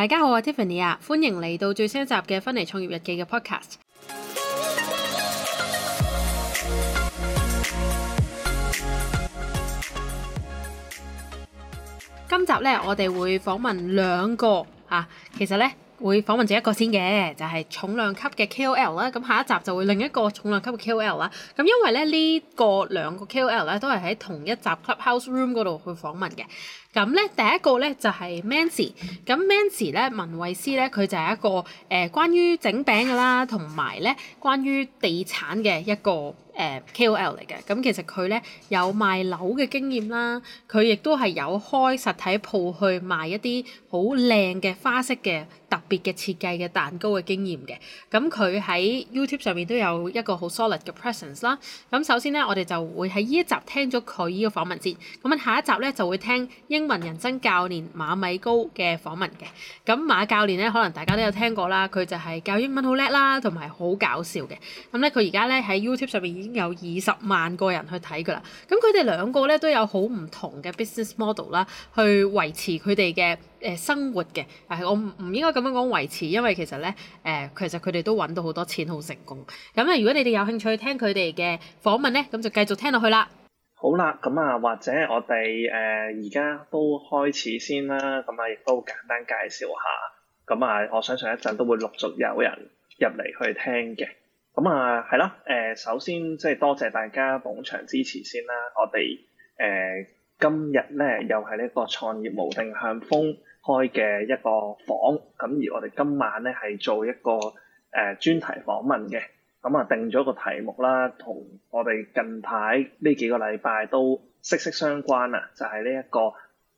大家好，我係 Tiffany 啊，歡迎嚟到最新一集嘅《芬尼創業日記》嘅 Podcast。今集呢，我哋會訪問兩個啊，其實呢會訪問咗一個先嘅，就係、是、重量級嘅 KOL 啦。咁下一集就會另一個重量級嘅 KOL 啦。咁因為呢呢、這個兩個 KOL 呢，都係喺同一集 Clubhouse Room 嗰度去訪問嘅。咁咧，第一個咧就係、是、Manci 咁 Manci 咧，文慧思咧，佢就係一個誒、呃、關於整餅嘅啦，同埋咧關於地產嘅一個誒、呃、KOL 嚟嘅。咁其實佢咧有賣樓嘅經驗啦，佢亦都係有開實體鋪去賣一啲好靚嘅花式嘅特別嘅設計嘅蛋糕嘅經驗嘅。咁佢喺 YouTube 上面都有一個好 solid 嘅 presence 啦。咁首先咧，我哋就會喺呢一集聽咗佢呢個訪問先。咁下一集咧就會聽英文人生教練馬米高嘅訪問嘅，咁馬教練咧可能大家都有聽過啦，佢就係教英文好叻啦，同埋好搞笑嘅。咁咧佢而家咧喺 YouTube 上面已經有二十萬個人去睇佢啦。咁佢哋兩個咧都有好唔同嘅 business model 啦，去維持佢哋嘅呃、生活嘅。但係我唔應該咁樣講維持，因為其實咧、呃、其實佢哋都揾到好多錢，好成功。咁咧如果你哋有興趣聽佢哋嘅訪問咧，咁就繼續聽落去啦。好啦，咁啊，或者我哋誒而家都開始先啦，咁啊亦都簡單介紹下，咁啊我相信一陣都會陸續有人入嚟去聽嘅，咁啊係啦，誒首先即係多謝大家捧場支持先啦，我哋誒、呃、今日咧又係呢個創業無定向瘋開嘅一個房，咁而我哋今晚咧係做一個誒、呃、專題訪問嘅。咁啊，定咗個題目啦，同我哋近排呢幾個禮拜都息息相關啦，就係呢一個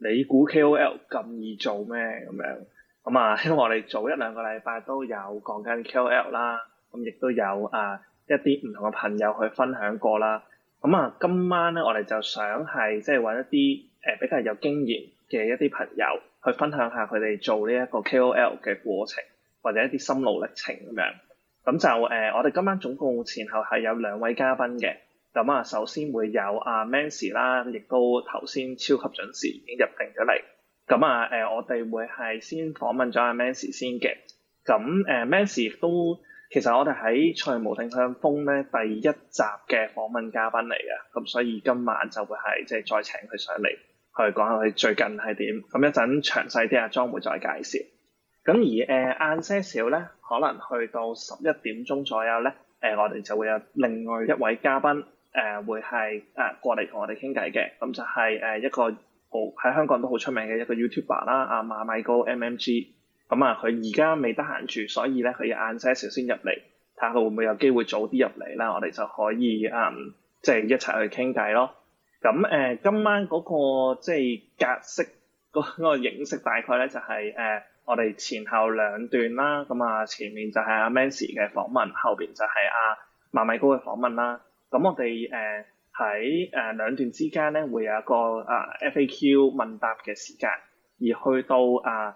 你估 KOL 咁易做咩咁樣？咁啊，因為我哋早一兩個禮拜都有講緊 KOL 啦，咁亦都有啊一啲唔同嘅朋友去分享過啦。咁啊，今晚咧，我哋就想係即係搵一啲誒比較有經驗嘅一啲朋友去分享下佢哋做呢一個 KOL 嘅過程，或者一啲心路歷程咁樣。咁就誒、呃，我哋今晚總共前後係有兩位嘉賓嘅。咁啊，首先會有阿、啊、Man 士啦，亦都頭先超級準時已經入定咗嚟。咁啊，呃、我哋會係先訪問咗阿、啊、Man 士先嘅。咁誒，Man 士都其實我哋喺《財定聽風》咧第一集嘅訪問嘉賓嚟嘅。咁所以今晚就會係即係再請佢上嚟去講下佢最近係點。咁一陣詳細啲阿莊會再介紹。咁而誒晏、呃、些少咧，可能去到十一點鐘左右咧，誒、呃、我哋就會有另外一位嘉賓，誒、呃、會係誒、呃、過嚟同我哋傾偈嘅。咁、嗯、就係、是、誒、呃、一個好喺香港都好出名嘅一個 YouTuber 啦、啊，阿馬米高 M M G、嗯。咁、呃、啊，佢而家未得閒住，所以咧佢要晏些少先入嚟，睇下佢會唔會有機會早啲入嚟啦，我哋就可以嗯即係一齊去傾偈咯。咁、嗯、誒、呃、今晚嗰、那個即係、就是、格式嗰、那個形式大概咧就係、是、誒。呃我哋前後兩段啦，咁啊前面就係阿 Manci 嘅訪問，後邊就係阿萬米高嘅訪問啦。咁我哋誒喺誒兩段之間咧，會有一個啊 FAQ 問答嘅時間，而去到啊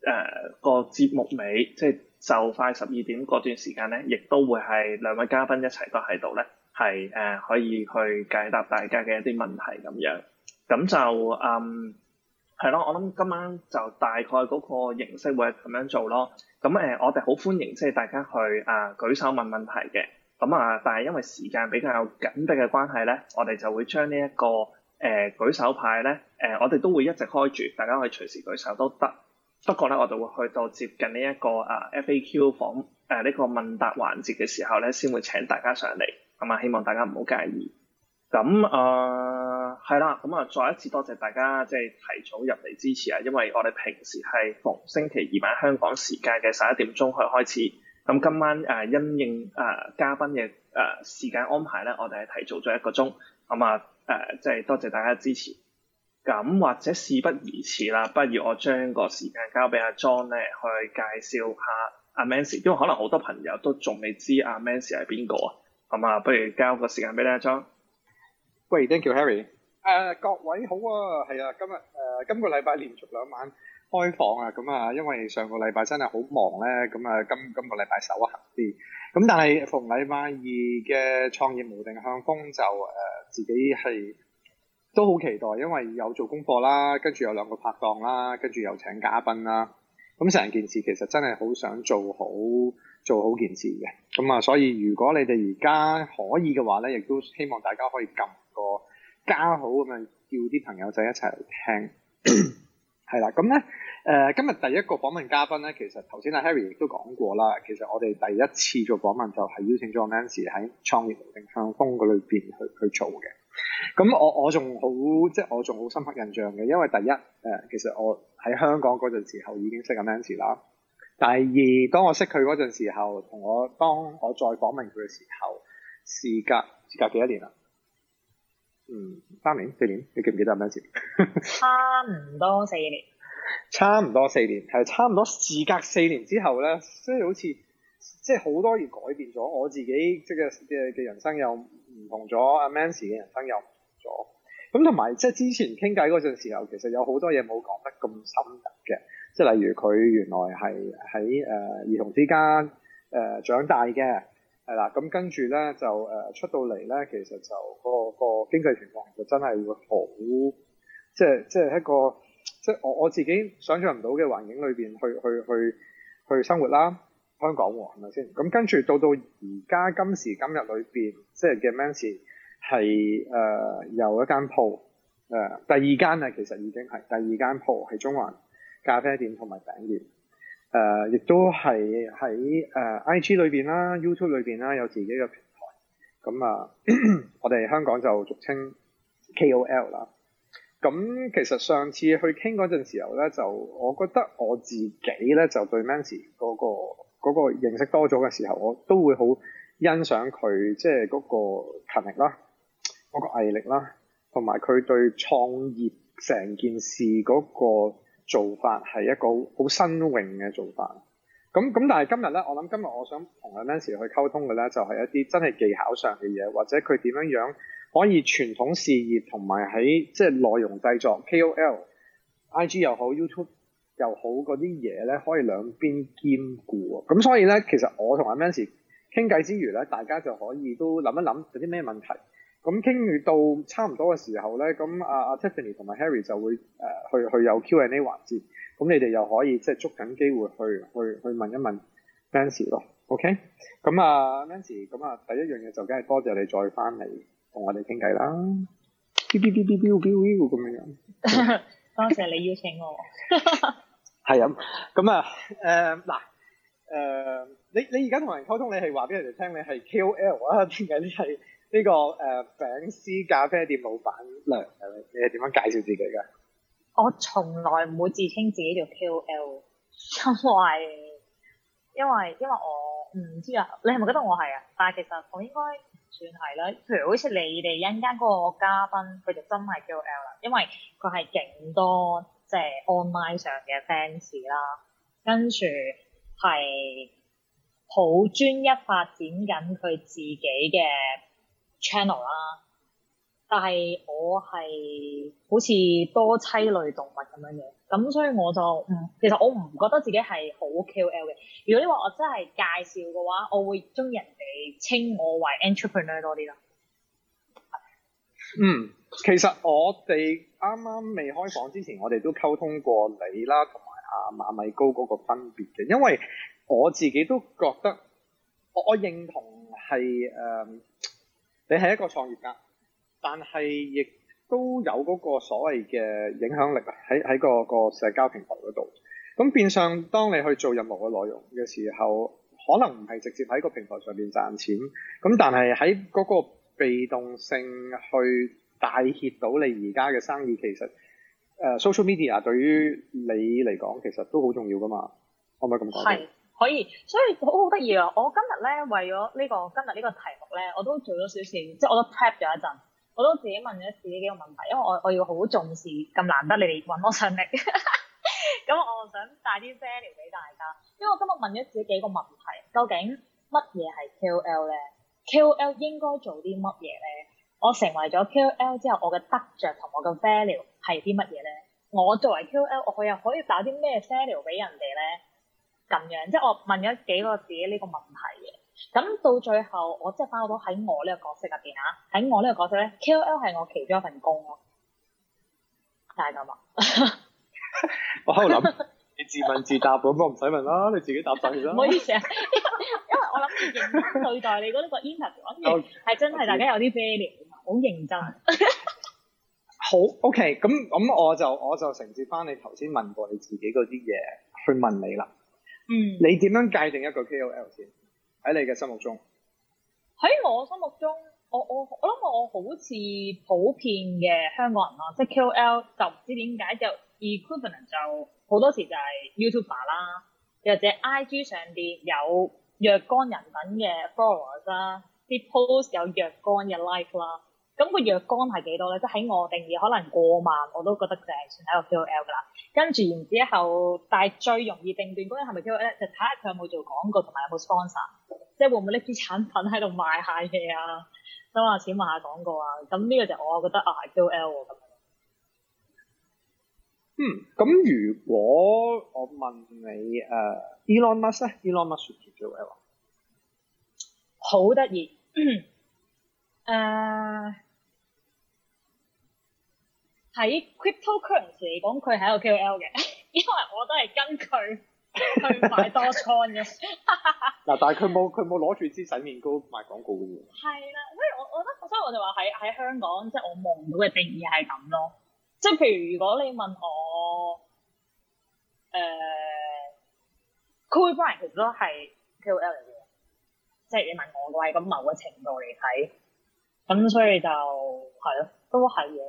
誒個節目尾，即係就係、快十二點嗰段時間咧，亦都會係兩位嘉賓一齊都喺度咧，係誒可以去解答大家嘅一啲問題咁樣。咁就嗯。係咯，我諗今晚就大概嗰個形式會係咁樣做咯。咁、呃、我哋好歡迎即係大家去啊、呃、舉手問問題嘅。咁啊，但係因為時間比較緊迫嘅關係咧，我哋就會將呢一個誒、呃、舉手牌咧，誒、呃、我哋都會一直開住，大家可以隨時舉手都得。不過咧，我哋會去到接近呢、這、一個啊、呃、F A Q 房誒呢、呃這個問答環節嘅時候咧，先會請大家上嚟。咁啊，希望大家唔好介意。咁啊。呃係啦，咁啊，再一次多謝大家即係提早入嚟支持啊！因為我哋平時係逢星期二晚香港時間嘅十一點鐘去開始，咁今晚誒、呃、因應誒、呃、嘉賓嘅誒、呃、時間安排咧，我哋係提早咗一個鐘，咁啊誒即係多謝大家支持。咁或者事不宜遲啦，不如我將個時間交俾阿 John 咧去介紹下阿 Manci，因為可能好多朋友都仲未知阿 Manci 係邊個啊，咁、嗯、啊不如交個時間俾你，阿 John。喂，thank you Harry。誒、呃、各位好啊，係啊，今日誒、呃、今個禮拜連續兩晚開房啊，咁、嗯、啊，因為上個禮拜真係好忙咧，咁、嗯、啊今今個禮拜守啊行啲，咁、嗯、但係逢禮拜二嘅創業無定向瘋就誒、呃、自己係都好期待，因為有做功課啦，跟住有兩個拍檔啦，跟住又請嘉賓啦，咁、嗯、成件事其實真係好想做好做好件事嘅，咁、嗯、啊，所以如果你哋而家可以嘅話咧，亦都希望大家可以撳個加好咁樣叫啲朋友仔一齊嚟聽，係 啦。咁咧誒，今日第一個訪問嘉賓咧，其實頭先阿 Harry 亦都講過啦。其實我哋第一次做訪問就係邀請咗阿 Manci 喺創業定向瘋嗰裏邊去去做嘅。咁、嗯、我我仲好即係、即係、我仲好深刻印象嘅，因為第一誒其實我喺香港嗰陣時候已經識阿 Manci 啦。第二當我識佢嗰陣時候，同我當我再訪問佢嘅時候，事隔事隔幾多年啦？嗯，三年四年，你記唔記得阿 Manci ？差唔多四年。差唔多四年，係差唔多時隔四年之後咧，即係好似即係好多嘢改變咗，我自己即係嘅嘅人生又唔同咗，阿 Manci 嘅人生又唔同咗。咁同埋即係之前傾偈嗰陣時候，其實有好多嘢冇講得咁深入嘅，即係例如佢原來係喺誒兒童之家誒、呃、長大嘅。係、嗯、啦，咁跟住咧就、呃、出到嚟咧，其實就個個、哦哦哦、經濟情況就真係會好，即係即係一個即係我我自己想象唔到嘅環境裏面去去去去生活啦，香港喎係咪先？咁、嗯、跟住到到而家今時今日裏面，即係嘅 Manci 係、呃、有一間鋪，誒第二間呢其實已經係第二間鋪，係中環咖啡店同埋餅店。誒、呃，亦都係喺誒 IG 裏面啦、YouTube 裏面啦，有自己嘅平台。咁啊， 我哋香港就俗稱 KOL 啦。咁其實上次去傾嗰陣時候咧，就我覺得我自己咧，就對 Manci 嗰、嗰個嗰、嗰個認識多咗嘅時候，我都會好欣賞佢，即係嗰個勤力啦、嗰、嗰個毅力啦，同埋佢對創業成件事嗰、嗰個。做法係一個好新穎嘅做法。咁咁，但係今日呢，我諗今日我想同阿 Manci 去溝通嘅呢，就係一啲真係技巧上嘅嘢，或者佢點樣樣可以傳統事業同埋喺即係內容製作 KOL、IG 又好、YouTube 又好嗰啲嘢呢，可以兩邊兼顧啊。咁所以呢，其實我同阿 Manci 傾偈之餘呢，大家就可以都諗一諗有啲咩問題。咁傾完到差唔多嘅時候咧，咁阿阿、啊啊、Tiffany 同埋 Harry 就會誒、呃、去去有 Q and A 環節，咁你哋又可以即係捉緊機會去去去問一問 Manci 咯，OK？咁啊 Manci 咁啊第一樣嘢就梗係多謝你再翻嚟同我哋傾偈啦。bbbbbbbb 咁樣樣。多謝你邀請我。係 啊，咁啊嗱你你而家同人溝通，你係話俾人哋聽，你係 KOL 啊，點解你係？呢、這個誒、呃、餅師咖啡店老闆娘係咪？你係點樣介紹自己㗎？我從來唔會自稱自己叫 K O L，因為因為因為我唔知啊。你係咪覺得我係啊？但係其實我應該算係啦。譬如好似你哋一間嗰個嘉賓，佢就真係 K O L 啦，因為佢係勁多即係 online 上嘅 fans 啦，跟住係好專一發展緊佢自己嘅。channel 啦、啊，但係我係好似多棲類動物咁樣嘅，咁所以我就唔其實我唔覺得自己係好 K O L 嘅。如果你話我真係介紹嘅話，我會中意人哋稱我為 entrepreneur 多啲啦。嗯，其實我哋啱啱未開房之前，我哋都溝通過你啦，同埋阿馬米高嗰個分別嘅，因為我自己都覺得我我認同係誒。嗯你係一個創業家，但係亦都有嗰個所謂嘅影響力喺喺、嗰個、嗰個社交平台嗰度。咁變相當你去做任何嘅內容嘅時候，可能唔係直接喺個平台上面賺錢，咁但係喺嗰個被動性去帶 heat 到你而家嘅生意，其實 social media、呃、對於你嚟講其實都好重要噶嘛。可唔可以咁講？可以，所以好好得意啊！我今日咧為咗呢個今日呢個題目咧，我都做咗少少，即係我都 prep 咗一陣，我都自己問咗自己幾個問題，因為我我要好重視咁難得你哋揾我上嚟，哈哈，咁我想帶啲 value 俾大家。因為我今日問咗自己幾個問題，究竟乜嘢係 KOL 咧？KOL 應該做啲乜嘢咧？我成為咗 KOL 之後，我嘅得著同我嘅 value 係啲乜嘢咧？我作為 KOL，我又可以打啲咩 value 俾人哋咧？咁樣即係我問咗幾個自己呢個問題嘅，咁到最後我即係包到喺我呢個角色入邊啊。喺我呢個角色咧，KOL 係我其中一份工咯，就係咁啊。 我喺度諗你自問自答咁，我唔使問啦，你自己答曬啦。唔好意思啊，因為我諗住認真對待你嗰一個 interview，係、 okay，真係大家有啲 feel 好認真。 好，OK，咁咁我就我就承接翻你頭先問過你自己嗰啲嘢去問你啦。嗯，你點樣界定一個 KOL 先？喺你嘅心目中？喺、嗯、我心目中，我我我諗我，我好似普遍嘅香港人咯，即係 KOL 就唔知點解就 equivalent 就好多時就係 YouTuber 啦，又或者 IG 上邊有若干人等嘅 followers 啦，啲 post 有若干嘅 like 啦。咁、那個月光係幾多咧？即、就、喺、是、我定義，可能過萬我都覺得就係算喺個 KOL 噶啦。跟住然之後，後，但係最容易定斷嗰人係咪 KOL 就睇下佢有冇做廣告同埋有冇 sponsor，即係會唔會拎啲產品喺度賣下嘢啊，收下錢賣下廣告啊。咁呢個就我覺得啊，KOL 喎。嗯，咁如果我問你誒、uh,，Elon Musk 咧，Elon Musk 算唔算 KOL 啊？好得意，誒。 uh, 喺 cryptocurrency 嚟講，佢係一個 K O L 嘅，因為我都係跟佢去買多倉嘅。嗱，但係佢冇佢冇攞住支洗面膏賣廣告嘅嘢。係啦，所以我我覺得，所以我就話喺喺香港，即、就、係、是、我夢到嘅定義係咁咯。即係譬如，如果你問我，誒、呃，區塊鏈其實都係 K O L 嚟嘅，即係你問我，為咁某個程度嚟睇，咁所以就係咯，都係嘅。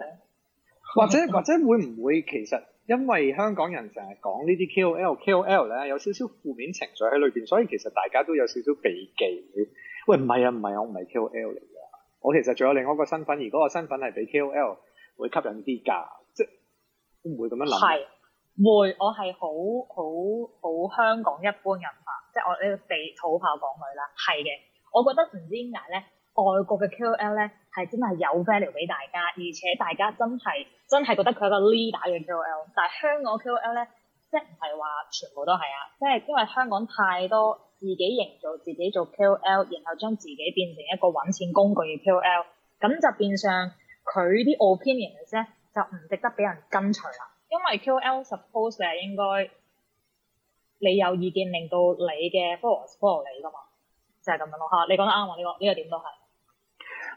或者或者會唔會其實因為香港人成日講呢啲 KOL，KOL 咧有少少負面情緒喺裏邊，所以其實大家都有少少避忌。喂，唔係啊，唔係啊，我唔係 KOL 嚟㗎，我其實仲有另外一個身份，而嗰個身份係比 KOL 會吸引啲㗎，即係會唔會咁樣諗。係，會。我係好好好香港一般人化，即係我呢個地土炮港女啦。係嘅，我覺得唔知點解咧。外國嘅 KOL 咧係真係有 value 俾大家，而且大家真係真係覺得佢係一個 leader 嘅 KOL，但係香港 KOL 咧即係唔係話全部都係啊，即係因為香港太多自己營造、自己做 KOL 然後將自己變成一個揾錢工具嘅 KOL 咁就變相佢啲 opinion 咧就唔值得俾人跟隨啦。因為 KOL suppose 係應該你有意見令到你嘅 followers follow 你噶嘛。就係、是、咁樣咯吓，你講得啱啊。呢、這個呢、這個點都係。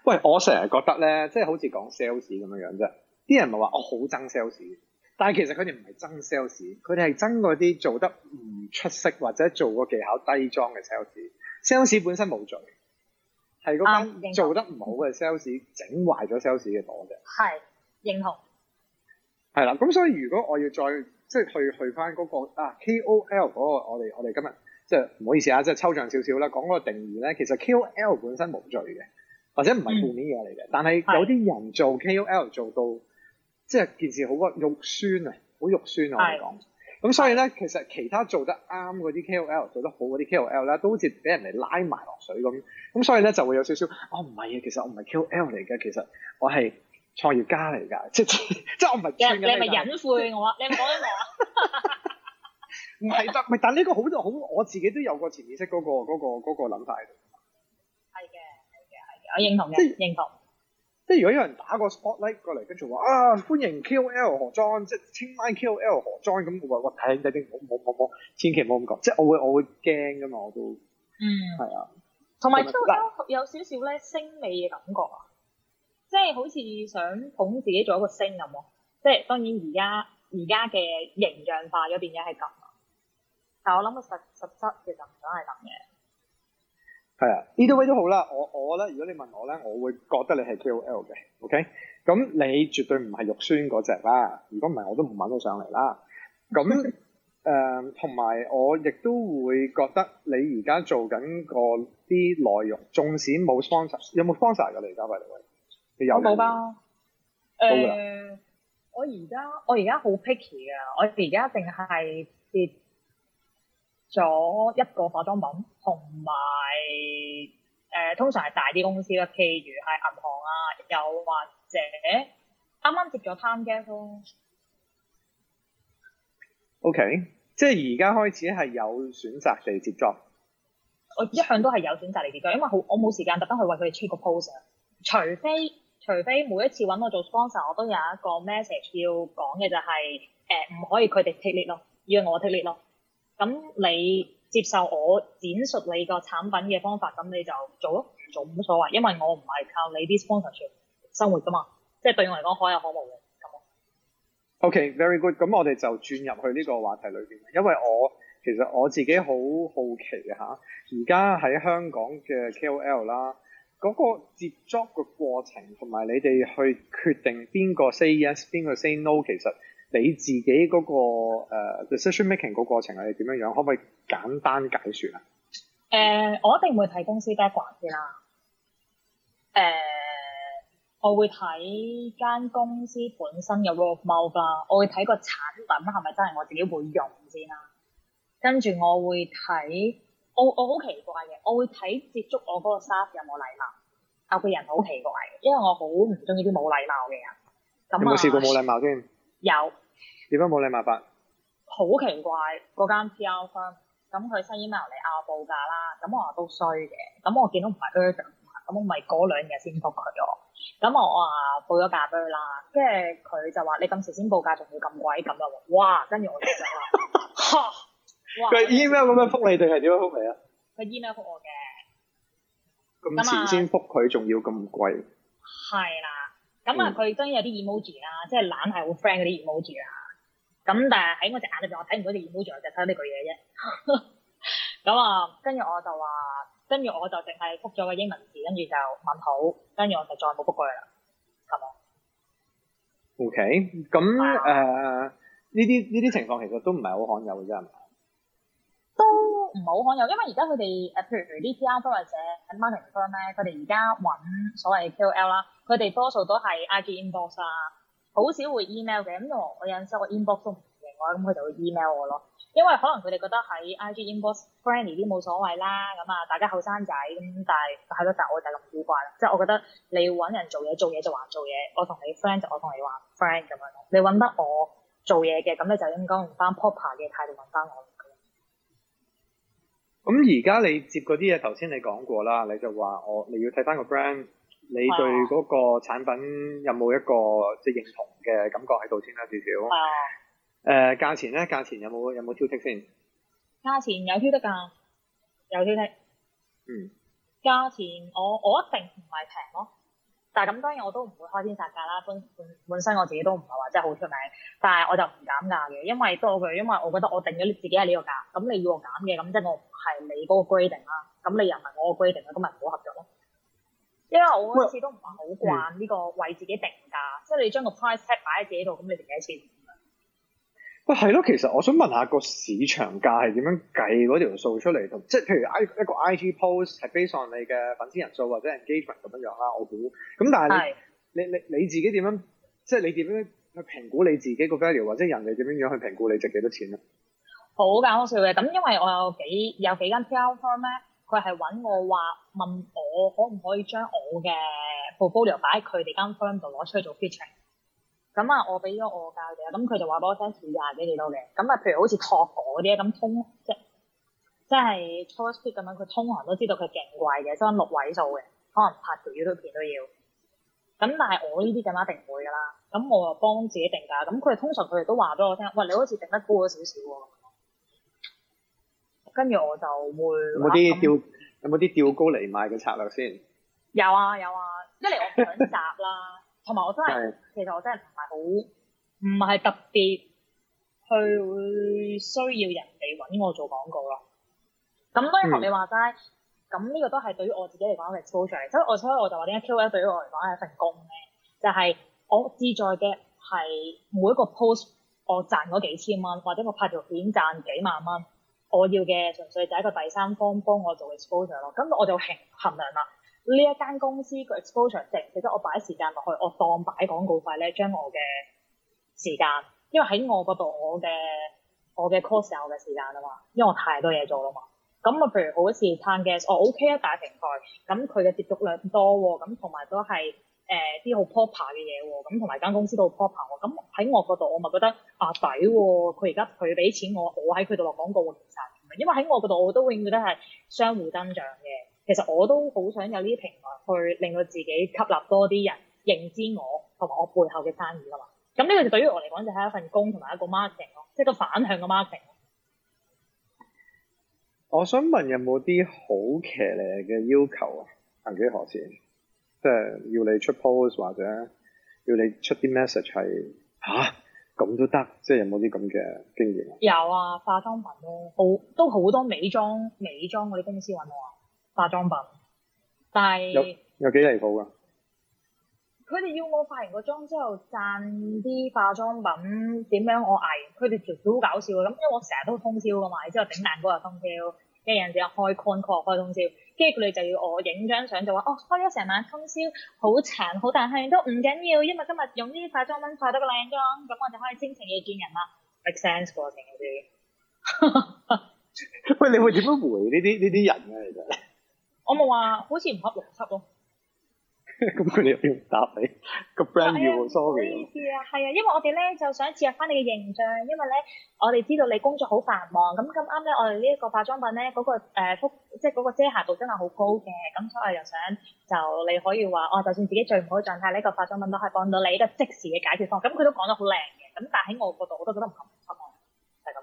喂，我成日覺得咧，即係好似講 sales 咁樣樣啫。啲人咪話我好憎 sales，但係其實佢哋唔係憎 sales，佢哋係憎嗰啲做得唔出色或者做個技巧低裝嘅 sales。sales 本身冇罪，係嗰班做得唔好嘅 sales 整壞咗 sales 嘅我嘅係，認同。係啦，咁所以如果我要再即係去去翻嗰個啊 KOL 嗰個，我哋我哋今日即係唔好意思啊，即係抽象少少啦，講嗰個定義咧，其實 KOL 本身冇罪嘅。或者唔係負面嘢嚟嘅，但係有啲人做 KOL 做到，即係、即係、件事好骨肉酸啊，好肉酸我哋講。咁所以咧，其實其他做得啱嗰啲 KOL，做得好嗰啲 KOL 咧，都好似俾人哋拉埋落水咁。咁所以咧就會有少少，哦唔係啊，其實我唔係 KOL 嚟嘅，其實我係創業家嚟㗎，即即我唔係驚你係咪隱晦我，你唔講得落啊？唔係得，但呢個好多好，我自己都有個潛意識嗰個嗰個嗰個諗法喺度。我認同嘅，即係認同。即，即，即如果有人打個 spotlight 過嚟，跟住話啊，歡迎 KOL 何莊，即係聽晚 KOL 何莊咁，我話我睇你啲，唔好唔好唔好，千祈唔好咁講。即係我會我會驚噶嘛，我都，嗯，係啊。同埋都有少少咧星味嘅感覺啊，即係、就是、好似想捧自己做一個星咁。即係當然而家而家嘅形象化咗電影係咁，但係我諗個實實質其實唔想係咁嘅。係啊，either way 都好啦。我我咧，如果你問我咧，我會覺得你係 KOL 嘅，OK？咁你絕對唔係肉酸嗰隻啦。如果唔係，我都唔揾到上嚟啦。咁 誒、呃，同埋我亦都會覺得你而家做緊個啲內容，縱使冇 sponsor？有冇 sponsor 噶你而家喂？有冇啊？冇噶。我而家我而家好 picky 㗎，我而家淨係咗一個化妝品，同埋誒通常係大啲公司啦，譬如係銀行啊，又或者啱啱接咗 Time Gap 咯、啊。Okay，即係而家開始係有選擇嚟接 job。我一向都係有選擇嚟接 job，因為好我冇時間特登去為佢哋 check 個 post。除非除非每一次揾我做 sponsor，我都有一個 message 要講嘅就係誒唔可以佢哋 take lead 咯，要我 take lead 咯。咁你接受我展述你個產品嘅方法，咁你就做咯，做冇乜所謂，因為我唔係靠你啲 sponsor 去生活噶嘛，即係對我嚟講可有可無嘅。咁 OK，very good，咁我哋就轉入去呢個話題裏面，因為我其實我自己好好奇嚇，而家喺香港嘅 KOL 啦，嗰個接觸嘅過程同埋你哋去決定邊個 say yes，邊個 say no，其實。你自己嗰、那個、uh, decision making 嗰過程係點樣樣？可唔可以簡單解說啊？誒、呃，我一定會睇公司 background 啦、啊。誒、呃，我會睇間公司本身嘅 work mode、啊、啦。我會睇個產品係咪真係我自己會用先啦、啊。跟住我會睇，我我好奇怪嘅，我會睇接觸我嗰個 staff 有冇禮貌。我個人好奇怪，因為我好唔中意啲冇禮貌嘅人。啊、有冇試過冇禮貌先、呃？有。點解冇你麻煩？好奇怪，嗰間 PR firm，咁佢 send email 你嗌我報價啦，咁我話都衰嘅，咁我見到唔係 urgent 咁我咪嗰兩日先復佢咯。咁我我話報咗價俾佢啦，跟住佢就話你咁遲先報價仲要咁貴，咁就話哇，跟住我哋就話嚇。佢 email 咁樣復你哋係點樣復你啊？佢 email 復我嘅。咁遲先復佢仲要咁貴。係、嗯、啦，咁啊佢當然有啲 emoji 啦，即係懶係好 friend 嗰啲 emoji 啦。咁但係喺我隻眼入邊，我睇唔到隻 emoji，就睇到呢句嘢啫。咁啊，跟住我就話，跟住我就淨係覆咗個英文字，跟住就問好，跟住我就再冇覆過去啦。係咪？O K，咁誒呢啲呢啲情況其實都唔係好罕有嘅啫。係咪？都唔係好罕有，因為而家佢哋誒譬如呢啲 outlet 或者 marketing firm 咧，佢哋而家揾所謂 K O L 啦，佢哋多數都係 IG inbox 啊。好少會 email 嘅，咁我我有陣時我 inbox 都唔認嘅話，咁佢就會 email 我咯。因為可能佢哋覺得喺 IG inbox friendly 啲冇所謂啦，咁啊大家後生仔咁，但係後得但我就咁古怪。即係我覺得你要揾人做嘢，做嘢就話做嘢；我同你 friend 就我同你話 friend 咁樣。你揾得我做嘢嘅，咁你就應該用翻 proper 嘅態度揾翻我。咁而家你接嗰啲嘢，頭先你講過啦，你就話我你要睇翻個 friend。你對嗰個產品有冇一個即係認同嘅感覺喺度先啦，至少。係啊。誒價錢咧，價錢有冇有冇挑剔先？價錢有挑剔㗎，有挑剔。嗯。價錢我我一定唔係平咯，但係咁當然我都唔會開天殺價啦。本本本身我自己都唔係話真係好出名，但係我就唔減價嘅，因為多佢，因為我覺得我定咗自己係呢個價，咁你要我減嘅，咁即係我唔係你嗰個 grading 啦，咁你又唔係我個 grading 啦，咁咪唔好合作咯。因為我嗰次都唔係好慣呢個為自己定價，嗯、即係你將個 price set 擺喺自己度，咁你值幾多錢？喂，係咯，其實我想問一下個市場價係點樣計嗰條數出嚟，同即係譬如 I 一個 IG post 係 base on 你嘅粉絲人數或者 engagement 咁樣樣啦，我估。咁但係你係你你你自己點樣，即係你點樣去評估你自己個 value，或者人哋點樣樣去評估你值幾多錢咧？好搞笑嘅，咁因為我有幾有幾間 PR firm 咧。佢係揾我話問我可唔可以將我嘅布料擺喺佢哋間 firm 度攞出去做 fitting，咁啊我俾咗我教嘅，咁佢就話俾我聽市價幾多幾多嘅，咁啊譬如好似托嗰啲咧，咁通即即係初 h o i 咁樣，佢通行都知道佢勁貴嘅，即係六位數嘅，可能拍條 YouTube 片都要。咁但係我呢啲咁啊一定會㗎啦，咁我又幫自己定價，咁佢通常佢哋都話俾我聽，喂，你好似定得高咗少少喎。跟住我就會，有冇啲吊有冇啲吊高嚟賣嘅策略先？有啊有啊，一嚟我唔想集啦，同 埋我真係，其實我真係唔係好，唔係特別去需要人哋揾我做廣告咯。咁當然同你話齋，咁、嗯、呢個都係對於我自己嚟講係超出嚟。所以，我所以我就話點解 KOL 對於我嚟講係一份工咧？就係、是、我志在嘅係每一個 post 我賺嗰幾千蚊，或者我拍條片賺幾萬蚊。我要嘅純粹就係一個第三方幫我做 exposure 咯，咁我就衡衡量啦。呢一間公司個 exposure 值唔值得我擺時間落去？我當擺廣告費咧，將我嘅時間，因為喺我嗰度我嘅我嘅 call sell 嘅時間啊嘛，因為我太多嘢做啦嘛。咁啊，譬如好似 Timegas，我 OK 啊大平台，咁佢嘅接觸量多喎，咁同埋都係。誒啲好 proper 嘅嘢喎，咁同埋間公司都好 proper 喎，咁喺我嗰度我咪覺得，覺得啊抵喎，佢而家佢俾錢我，我喺佢度落廣告會晒。因為喺我嗰度我都永遠覺得係相互增長嘅。其實我都好想有呢啲平台去令到自己吸納多啲人認知我同埋我背後嘅生意㗎嘛。咁呢個就對於我嚟講就係一份工同埋一個 marketing 咯，即係個反向嘅 marketing。我想問有冇啲好騎呢嘅要求啊？行幾何先？即係要你出 post 或者要你出啲 message 係吓？咁、啊、都得，即係有冇啲咁嘅經驗？有啊，化妝品咯、啊，好都好多美妝美妝嗰啲公司揾我啊，化妝品。但係有有幾離譜㗎？佢哋要我化完個妝之後贊啲化妝品點樣我挨，佢哋條條好搞笑啊，咁，因為我成日都通宵㗎嘛，之後頂蛋糕又通宵，即係有陣時開 con call 開通宵。跟住佢哋就要我影張相就話哦，開咗成晚通宵，好殘，好大氣都唔緊要，因為今日用呢啲化妝品化得個靚妝，咁我就可以清情夜見人啦，make sense 喎成日啲。 喂，你會點樣回呢啲呢啲人咧、啊？其 實我冇話，好似唔合邏輯咯。咁佢哋要答你個 friend 要冇所謂嘅意思啊，係啊，因為我哋咧就想切入翻你嘅形象，因為咧我哋知道你工作好繁忙，咁咁啱咧，我哋呢一個化妝品咧嗰個誒覆，即係嗰個遮瑕度真係好高嘅，咁所以又想就你可以話，哦，就算自己最唔好嘅狀態，呢個化妝品都可以幫到你一個即時嘅解決方。咁佢都講得好靚嘅，咁但係喺我嗰度我都覺得唔合唔合我，係咁咯。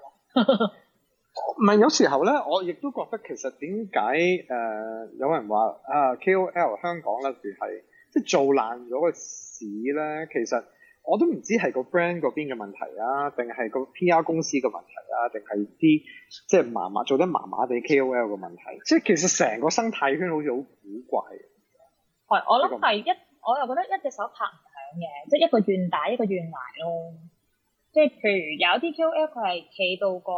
唔係有時候咧，我亦都覺得其實點解誒有人話啊 K O L，香港特別係即係做爛咗個市咧，其實我都唔知係個 friend 嗰邊嘅問題啊，定係個 P R 公司嘅問題啊，定係啲即係麻麻做得麻麻哋 K O L 嘅問題。即係其實成個生態圈好似好古怪。係，我諗係一、這個，我又覺得一隻手拍唔響嘅，即係一個願打一個願挨咯。即係譬如有啲 KOL 佢係企到個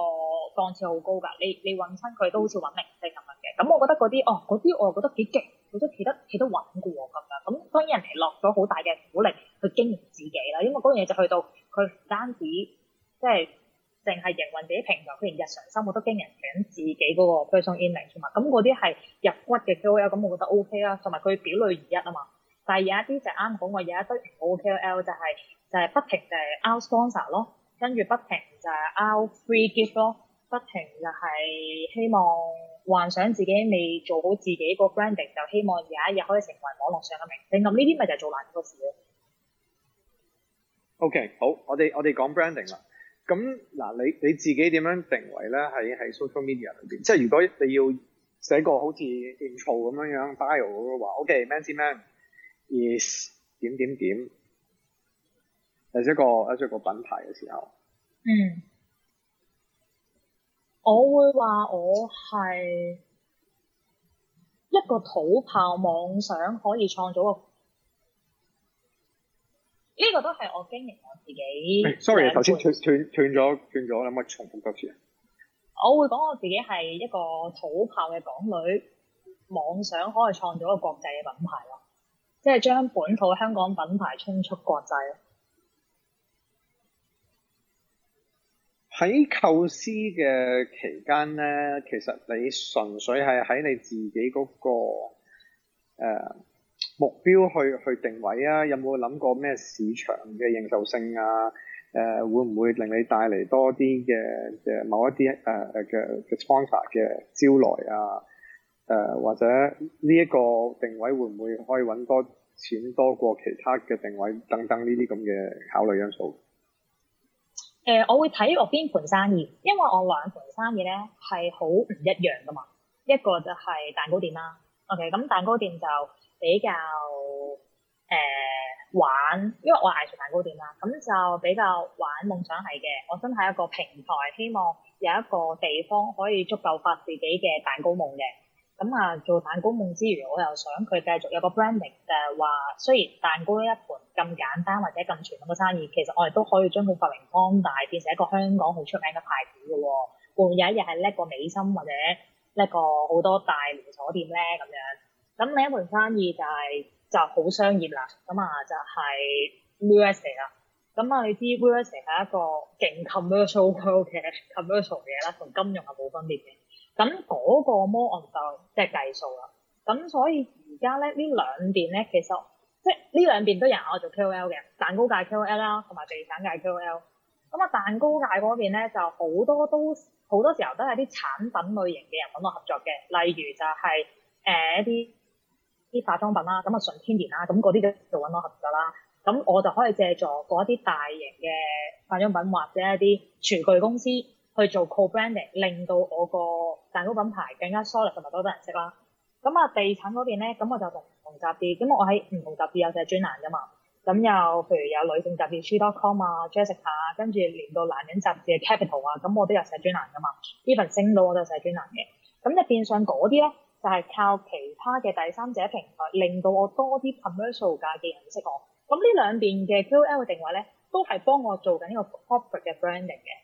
檔次好高㗎，你你揾親佢都好似揾明星咁樣嘅。咁我覺得嗰啲哦，嗰啲我覺得幾勁，佢都企得企得穩嘅喎咁樣。咁當然人哋落咗好大嘅苦力去經營自己啦，因為嗰樣嘢就去到佢唔單止即係淨係營運自己平台，佢連日常生活都經營緊自己嗰個 personal income 嘛。咁嗰啲係入骨嘅 KOL，咁我覺得 O K 啦，同埋佢表裏如一啊嘛。但係有一啲就啱好，我有一堆唔好 KOL 就係、是。就係不停就係 out sponsor 咯，跟住不停就係 out free gift 咯，不停就係希望幻想自己未做好自己個 branding，就希望有一日可以成為網絡上嘅名人，你諗呢啲咪就係做爛咗個事咯。OK，好，我哋我哋講 branding 啦，咁嗱你你自己點樣定位咧？喺喺 social media 裏邊，即係如果你要寫個好似 intro 咁樣樣 profile 嘅話，OK，Manci，Manci，yes，點點點。係一個，一個品牌嘅時候。嗯，我會話我係一個土炮，妄想可以創造一個，呢個都係我經營我自己。Sorry，頭先斷斷咗斷咗，你可唔可以重複多次？啊？我會講我自己係一個土炮嘅港女，妄想可以創造一個國際嘅品牌咯，即係將本土香港品牌衝出國際。喺構思嘅期間咧，其實你純粹係喺你自己，嗰個誒、呃、目標去去定位啊，有冇諗過咩市場嘅認受性啊？誒、呃、會唔會令你帶嚟多啲嘅嘅某一啲誒誒嘅嘅方法嘅招來啊？誒、呃、或者呢一個定位會唔會可以揾多錢多過其他嘅定位等等呢啲咁嘅考慮因素？呃、我會睇我邊盤生意，因為我兩盤生意呢係好唔一樣噶嘛。一個就係蛋糕店啦，OK，咁蛋糕店就比較、呃、玩，因為我係藝術蛋糕店啦，咁就比較玩夢想系嘅。我真係一個平台，希望有一個地方可以足夠發自己嘅蛋糕夢嘅。咁啊，做蛋糕夢之餘，我又想佢繼續有個 branding，話雖然蛋糕一盤咁簡單或者咁傳統嘅生意，其實我哋都可以將佢發明光大，變成一個香港好出名嘅牌子嘅喎，會唔會有一日係叻個美心或者叻個好多大連鎖店咧咁樣？咁另一盤生意就係、是、就好商業啦，咁啊就係 real estate 啦。咁啊，你知 real estate 係一個勁 commercial 嘅 commercial 嘢啦，同、OK，金融係冇分別嘅。咁嗰個模我就即係計數啦。咁所以而家咧呢兩邊咧，其實即係呢兩邊都有我做 KOL 嘅，蛋糕界 KOL 啦、啊，同埋地產界 KOL。咁啊蛋糕界嗰邊咧就好多都好多時候都係啲產品類型嘅人搵我合作嘅，例如就係、是、誒、呃、一啲啲化妝品啦，咁啊純天然啦，咁嗰啲就搵我合作啦。咁我就可以借助嗰一啲大型嘅化妝品或者一啲廚具公司。去做 co-branding，令到我個蛋糕品牌更加 solid 同埋多多人識啦。咁啊，地產嗰邊咧，咁我就同唔同雜誌。咁我喺唔同雜誌有寫專欄噶嘛。咁又譬如有女性雜誌 She.com 啊、Jessica 啊，跟住連到男人雜誌嘅 Capital 啊，咁我都有寫專欄噶嘛。Even 呢份升到我就寫專欄嘅。咁入邊上嗰啲咧，就係、是、靠其他嘅第三者平台，令到我多啲 commercial 價嘅人識我。咁呢兩邊嘅 KOL 定位咧，都係幫我做緊呢個 corporate 嘅 branding 嘅。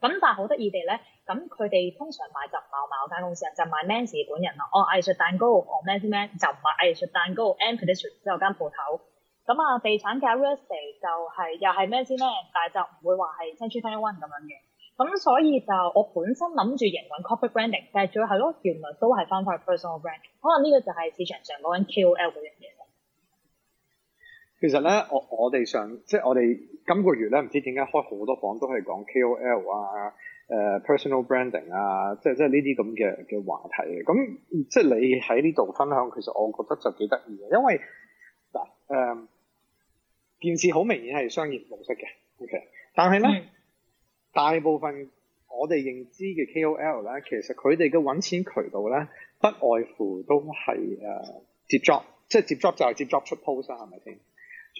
咁但係好得意地咧，咁佢哋通常買就唔係買買嗰間公司啊，就買 Manci 本人咯。哦，藝術蛋糕，哦 Manci Manci，就唔買藝術蛋糕，Anthony 之後間鋪頭。咁啊，地產嘅 Realty 就係又係 Manci Manci。但係就唔會話係 Century 21咁樣嘅。咁所以就我本身諗住營運 Corporate Branding，但係最後係咯，原來都係翻返去 Personal Branding。可能呢個就係市場上講緊 KOL 嗰樣嘢。其實咧，我我哋上即係我哋。今個月咧，唔知點解開好多房都係講 KOL 啊、誒、呃、personal branding 啊，即係即係呢啲咁嘅嘅話題嘅。咁即係你喺呢度分享，其實我覺得就幾得意嘅，因為嗱誒，件事好明顯係商業模式嘅，OK 但。但係咧，大部分我哋認知嘅 KOL 咧，其實佢哋嘅揾錢渠道咧，不外乎都係誒接 job，即係接 job 就係接 job 出 post 啦，係咪先？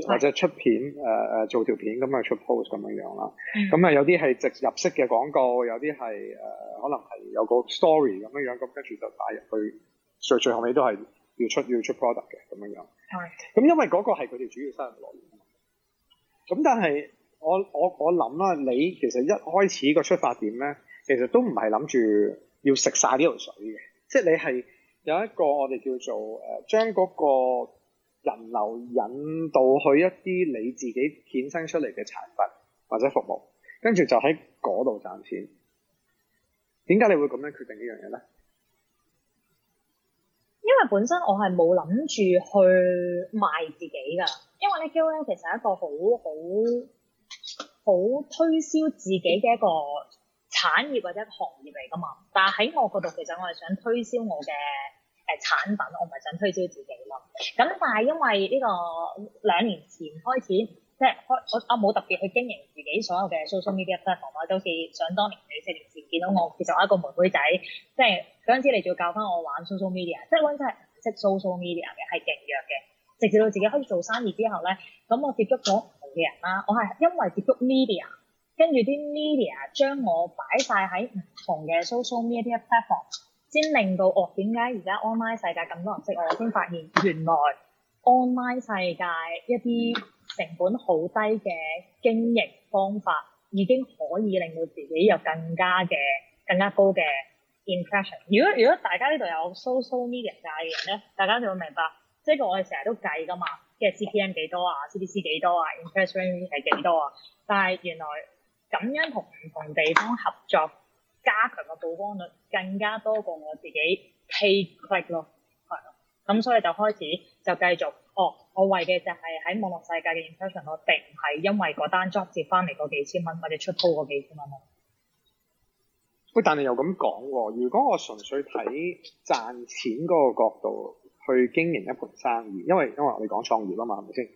或者出片，誒、呃、誒做條片咁啊出 post 咁樣樣啦，咁啊有啲係直入式嘅廣告，有啲係誒可能係有個 story 咁樣樣，咁跟住就帶入去，最最後尾都係要出要出 product 嘅咁樣樣。係。咁因為嗰個係佢哋主要收入來源嘛。咁但係我我我諗啦，你其實一開始個出發點咧，其實都唔係諗住要食晒呢條水嘅，即係你係有一個我哋叫做誒、呃、將嗰、那個，人流引導去一啲你自己衍生出嚟嘅產品或者服務，跟住就喺嗰度賺錢。點解你會咁樣決定呢樣嘢咧？因為本身我係冇諗住去賣自己㗎，因為咧 KOL 其實係一個好好好推銷自己嘅一個產業或者一個行業嚟㗎嘛。但係喺我嗰度其實我係想推銷我嘅。誒產品，我唔想推銷自己咯。咁但係因為呢個兩年前開始，即係開我我冇特別去經營自己所有嘅 social media platform。就好似想當年你四年前見到我，其實我一個妹妹仔，即係嗰陣時你仲教翻我玩 social media，即係係唔識 social media 嘅，係勁弱嘅。直至到自己開始做生意之後咧，咁我接觸咗唔同嘅人啦。我係因為接觸 media，跟住啲 media 將我擺晒喺唔同嘅 social media platform。先令到我點解而家 online 世界咁多人識我，先發現原來 online 世界一啲成本好低嘅經營方法已經可以令到自己有更加嘅、更加高嘅 impression。如果如果大家呢度有 social media 界嘅人咧，大家就會明白，即係我哋成日都計㗎嘛，即係 CPM 幾多啊、CPC 幾多啊、impression 係幾多啊。但係原來咁樣同唔同地方合作。加強個曝光率更加多過我自己 pay c r a c k 咯，係啊，咁 所以就開始就繼續哦，我為嘅就係喺網絡世界嘅 interaction 咯，並唔係因為嗰單 job 接翻嚟嗰幾千蚊或者出 po 嗰幾千蚊咯。喂，但係又咁講喎，如果我純粹睇賺錢嗰個角度去經營一盤生意，因為因為我哋講創業啊嘛，係咪先？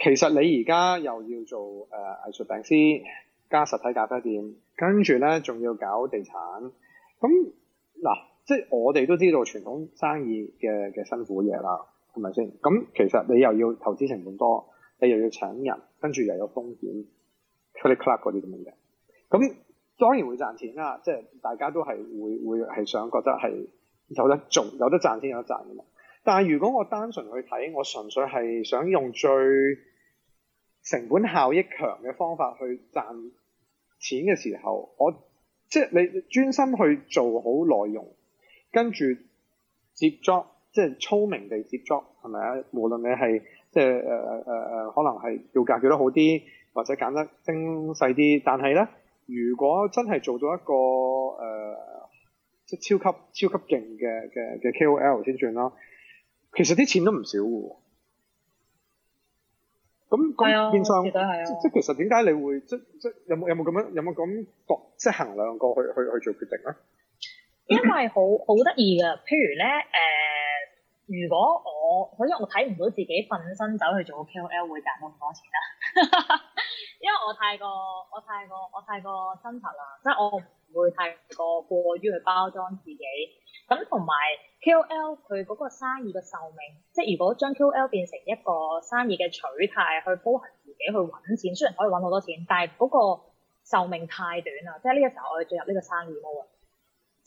其實你而家又要做誒、呃、藝術餅師加實體咖啡店。跟住咧，仲要搞地產，咁嗱，即係我哋都知道傳統生意嘅嘅辛苦嘢啦，係咪先？咁其實你又要投資成本多，你又要請人，跟住又有風險，cut it clap 嗰啲咁嘅嘢，咁當然會賺錢啦，即係大家都係會會係想覺得係有得做，有得賺先有得賺㗎嘛。但係如果我單純去睇，我純粹係想用最成本效益強嘅方法去賺。錢嘅時候，我即係你專心去做好內容，跟住接 job，即係聰明地接 job，係咪啊？無論你係即係誒誒誒誒，可能係要價叫得好啲，或者揀得精細啲，但係咧，如果真係做到一個誒、呃，即係超級超級勁嘅嘅嘅 K O L 先算啦，其實啲錢都唔少嘅喎。咁咁變相即係其實點解你會即即有冇有冇咁樣有冇咁覺即係衡量過去去去做決定咧？因為好好得意㗎，譬如咧誒、呃，如果我因為我睇唔到自己瞓身走去做 K O L 會賺到咁多錢啦， 因為我太過我太過我太過真實啦，即、就、係、是、我唔會太過過於去包裝自己。咁同埋 KOL 佢嗰個生意嘅壽命，即係如果將 KOL 變成一個生意嘅取態去包含自己去揾錢，雖然可以揾好多錢，但係嗰個壽命太短啦。即係呢個時候我去進入呢個生意冇啊，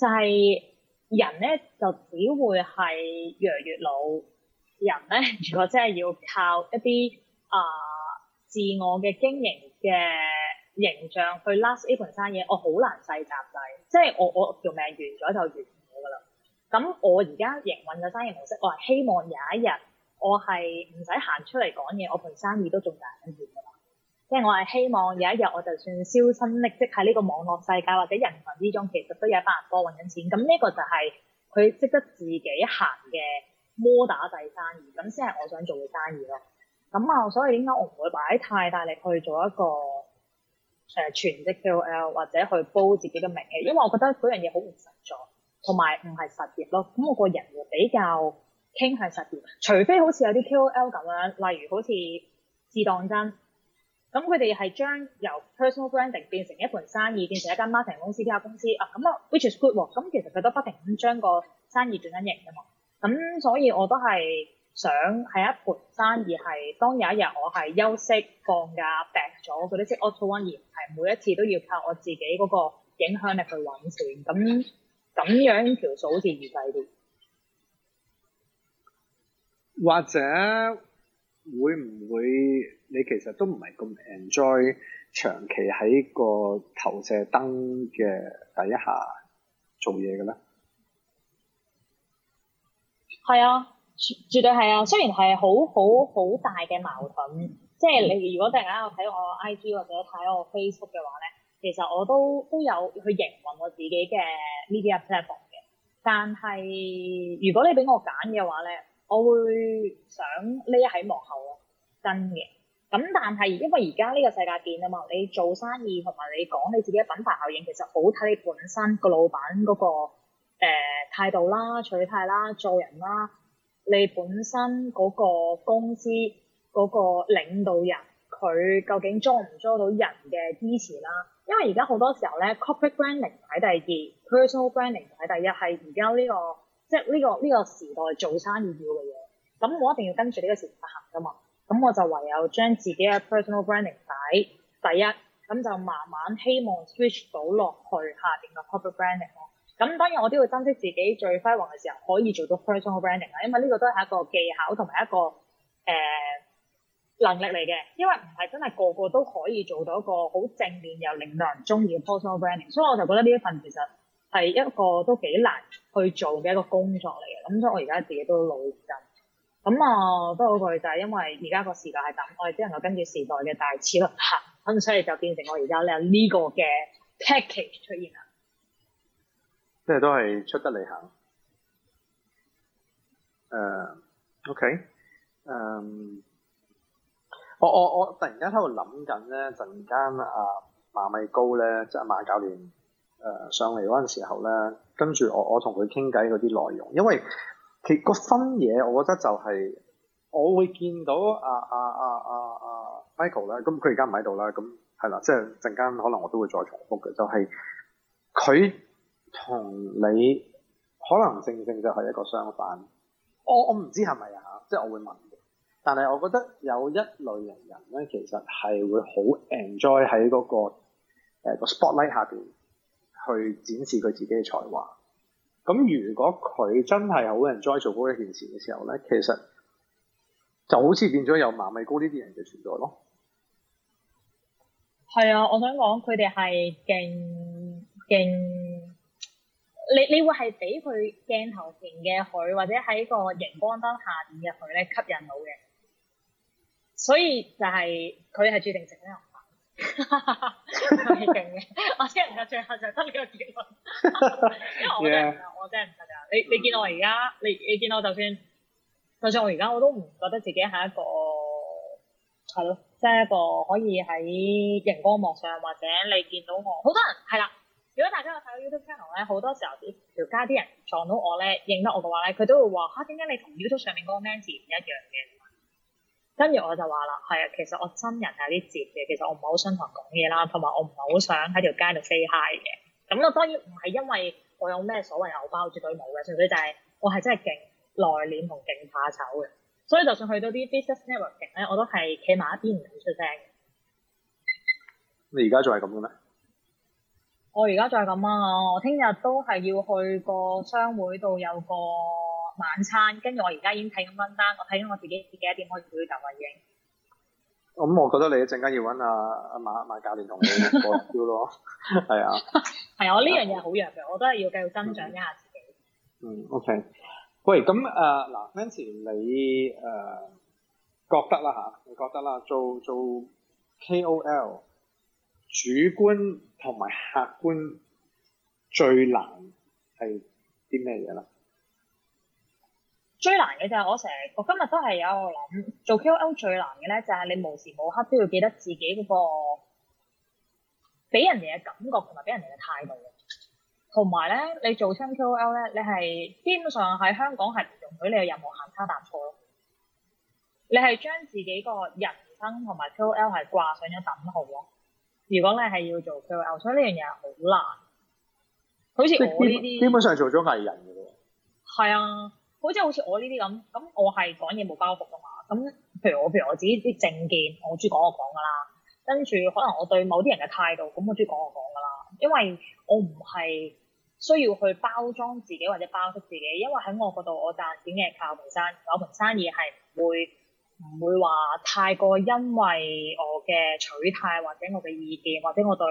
就係、是、人咧就只會係越嚟越老人咧。如果真係要靠一啲啊自我嘅經營嘅形象去 last 呢盤生意，我好難細集止，即係我我條命完咗就完。咁我而家營運嘅生意模式，我係希望有一日我係唔使行出嚟講嘢，我盤生意都仲賺緊錢噶嘛。即、就、係、是、我係希望有一日我就算銷聲匿跡喺呢個網絡世界或者人群之中，其實都有百多人幫揾緊錢。咁呢個就係佢識得自己行嘅摩打制生意，咁先係我想做嘅生意咯。咁啊，所以點解我唔會擺太大力去做一個誒、呃、全職嘅 KOL 或者去煲自己嘅名氣？因為我覺得嗰樣嘢好唔實在。同埋唔係實業咯，咁我個人會比較傾向實業，除非好似有啲 KOL 咁樣，例如好似自當真咁，佢哋係將由 personal branding 變成一盤生意，變成一間 marketing 公，公司、PR 公司啊。咁啊，which is good 喎、啊。咁其實佢都不停咁將個生意轉緊型㗎嘛。咁所以我都係想係一盤生意，係當有一日我係休息、放假、病咗嗰啲，即 auto one 而唔係每一次都要靠我自己嗰個影響力去揾錢咁。咁樣呢條數好似易計啲，或者會唔會你其實都唔係咁 enjoy 長期喺個投射燈嘅底下做嘢嘅咧？係啊，絕對係啊，雖然係好好好大嘅矛盾，嗯、即係你如果突然間我睇我 IG 或者睇我嘅 Facebook 嘅話咧。其實我都都有去營運我自己嘅 media platform 嘅，但係如果你俾我揀嘅話咧，我會想匿喺幕後咯，真嘅。咁但係因為而家呢個世界變啊嘛，你做生意同埋你講你自己嘅品牌效應，其實好睇你本身個老闆嗰個誒態度啦、取態啦、做人啦，你本身嗰個公司嗰個領導人佢究竟裝唔裝到人嘅支持啦？因為而家好多時候咧，Corporate Branding 擺第二，Personal Branding 擺第一，係而家呢個即係呢個呢個時代做生意要嘅嘢。咁我一定要跟住呢個時代行㗎嘛。咁我就唯有將自己嘅 Personal Branding 擺第一，咁就慢慢希望 switch 到落去下邊嘅 Corporate Branding 咯。咁當然我都要珍惜自己最輝煌嘅時候可以做到 Personal Branding 啦，因為呢個都係一個技巧同埋一個誒、呃能力嚟嘅，因為唔係真係個個都可以做到一個好正面又令到人中意嘅 personal branding，嗯、所以我就覺得呢一份其實係一個都幾難去做嘅一個工作嚟嘅。咁、嗯、所以我而家自己都努力緊。咁、嗯、啊，都好佢就係因為而家個時代係咁，我哋只能夠跟住時代嘅大潮流行，咁、嗯、所以就變成我而家咧呢、呢個嘅 package 出現啦。即係都係出得嚟吓誒，OK，嗯、um。我我我突然間喺度諗緊咧，陣間啊馬米高咧，即係阿馬教練誒上嚟嗰陣時候咧，跟住我我同佢傾偈嗰啲內容，因為其個新嘢，我覺得就係我會見到啊啊啊啊啊 Michael 啦，咁佢而家唔喺度啦，咁係啦，即係陣間可能我都會再重複嘅，就係佢同你可能正正就係一個相反，我我唔知係咪啊，即係我會問。但係我覺得有一類型人咧，其實係會好 enjoy 喺嗰個誒、呃、spotlight 下邊去展示佢自己嘅才華。咁如果佢真係好 enjoy 做嗰一件事嘅時候咧，其實就好似變咗有萬米高呢啲人嘅存在咯。係啊，我想講佢哋係勁勁，你你會係俾佢鏡頭前嘅佢，或者喺個熒光燈下邊嘅佢咧，吸引到嘅。所以就係佢係注定食呢行飯，太勁嘅！ 我真係唔得，最後就得呢個結論。 因為我真係、yeah. 我真係唔得㗎。你你見到我而家，你見我、mm. 你，你見到就算就算我而家我都唔覺得自己係一個係咯，即係、就是、一個可以喺熒光幕上或者你見到我好多人係啦。如果大家有睇到 YouTube channel 咧，好多時候條街啲人撞到我咧，認得我嘅話咧，佢都會話嚇：點、啊、解你同 YouTube 上面嗰個 Manci 唔一樣嘅？跟住我就話啦，係啊，其實我真人係有啲折嘅，其實我唔係好想同人講嘢啦，同埋我唔係好想喺條街度 say hi 嘅。咁啊，當然唔係因為我有咩所謂偶包住佢冇嘅，純粹就係我係真係勁內斂同勁怕醜嘅。所以就算去到啲 business networking 咧，我都係企埋一邊唔想出聲嘅。你而家仲係咁嘅咩？我而家仲係咁啊！我聽日都係要去個商會度有個晚餐，跟住我而家已經睇緊單單，我睇緊我自己自己一點可以表達嘅嘢。咁、嗯、我覺得你一陣間要揾阿阿馬馬教練同你講一招咯，係 是啊。係啊，我呢樣嘢好弱嘅，我都係要繼續增長一下自己。嗯，OK。喂，咁誒嗱、啊、，Manci 你誒、啊、覺得啦嚇，你覺得啦，做做 KOL 主觀同埋客觀最難係啲咩嘢啦？最難嘅就係我成日，我今日都係有諗做 KOL 最難嘅咧，就係你無時無刻都要記得自己嗰個俾人哋嘅感覺同埋俾人哋嘅態度同埋咧，你做親 KOL 咧，你係基本上喺香港係唔容許你有任何行差踏錯咯。你係將自己個人生同埋 KOL 係掛上咗等號咯。如果你係要做 KOL，所以呢樣嘢係好難。好似我呢啲基本上係做咗藝人嘅喎。係啊。好似好似我呢啲咁，咁我係講嘢冇包袱噶嘛。咁譬如我譬如我自己啲政見，我中意講我講噶啦。跟住可能我對某啲人嘅態度，咁我中意講我講噶啦。因為我唔係需要去包裝自己或者包飾自己，因為喺我嗰度，我賺錢嘅係靠盤生，我盤生意係唔會唔會話太過因為我嘅取態或者我嘅意見或者我對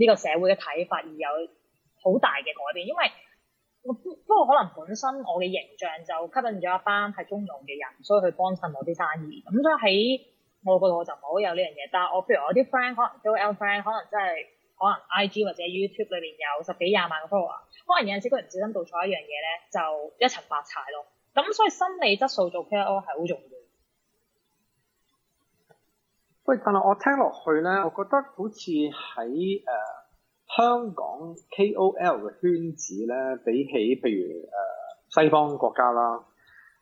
呢個社會嘅睇法而有好大嘅改變，因為。不過可能本身我嘅形象就吸引咗一班係中農嘅人，所以去幫襯我啲生意。咁所以喺我嗰度我就冇有呢樣嘢，但係我譬如我啲 friend 可能 KOL friend 可能真係可能 IG 或者 YouTube 裏面有十幾廿萬個 follower 可能有陣時佢唔小心做錯一樣嘢咧，就一層白柴咯。咁所以心理質素做 KOL 係好重要。喂，但係我聽落去咧，我覺得好似喺誒.香港 KOL 嘅圈子咧，比起譬如誒、呃、西方國家啦，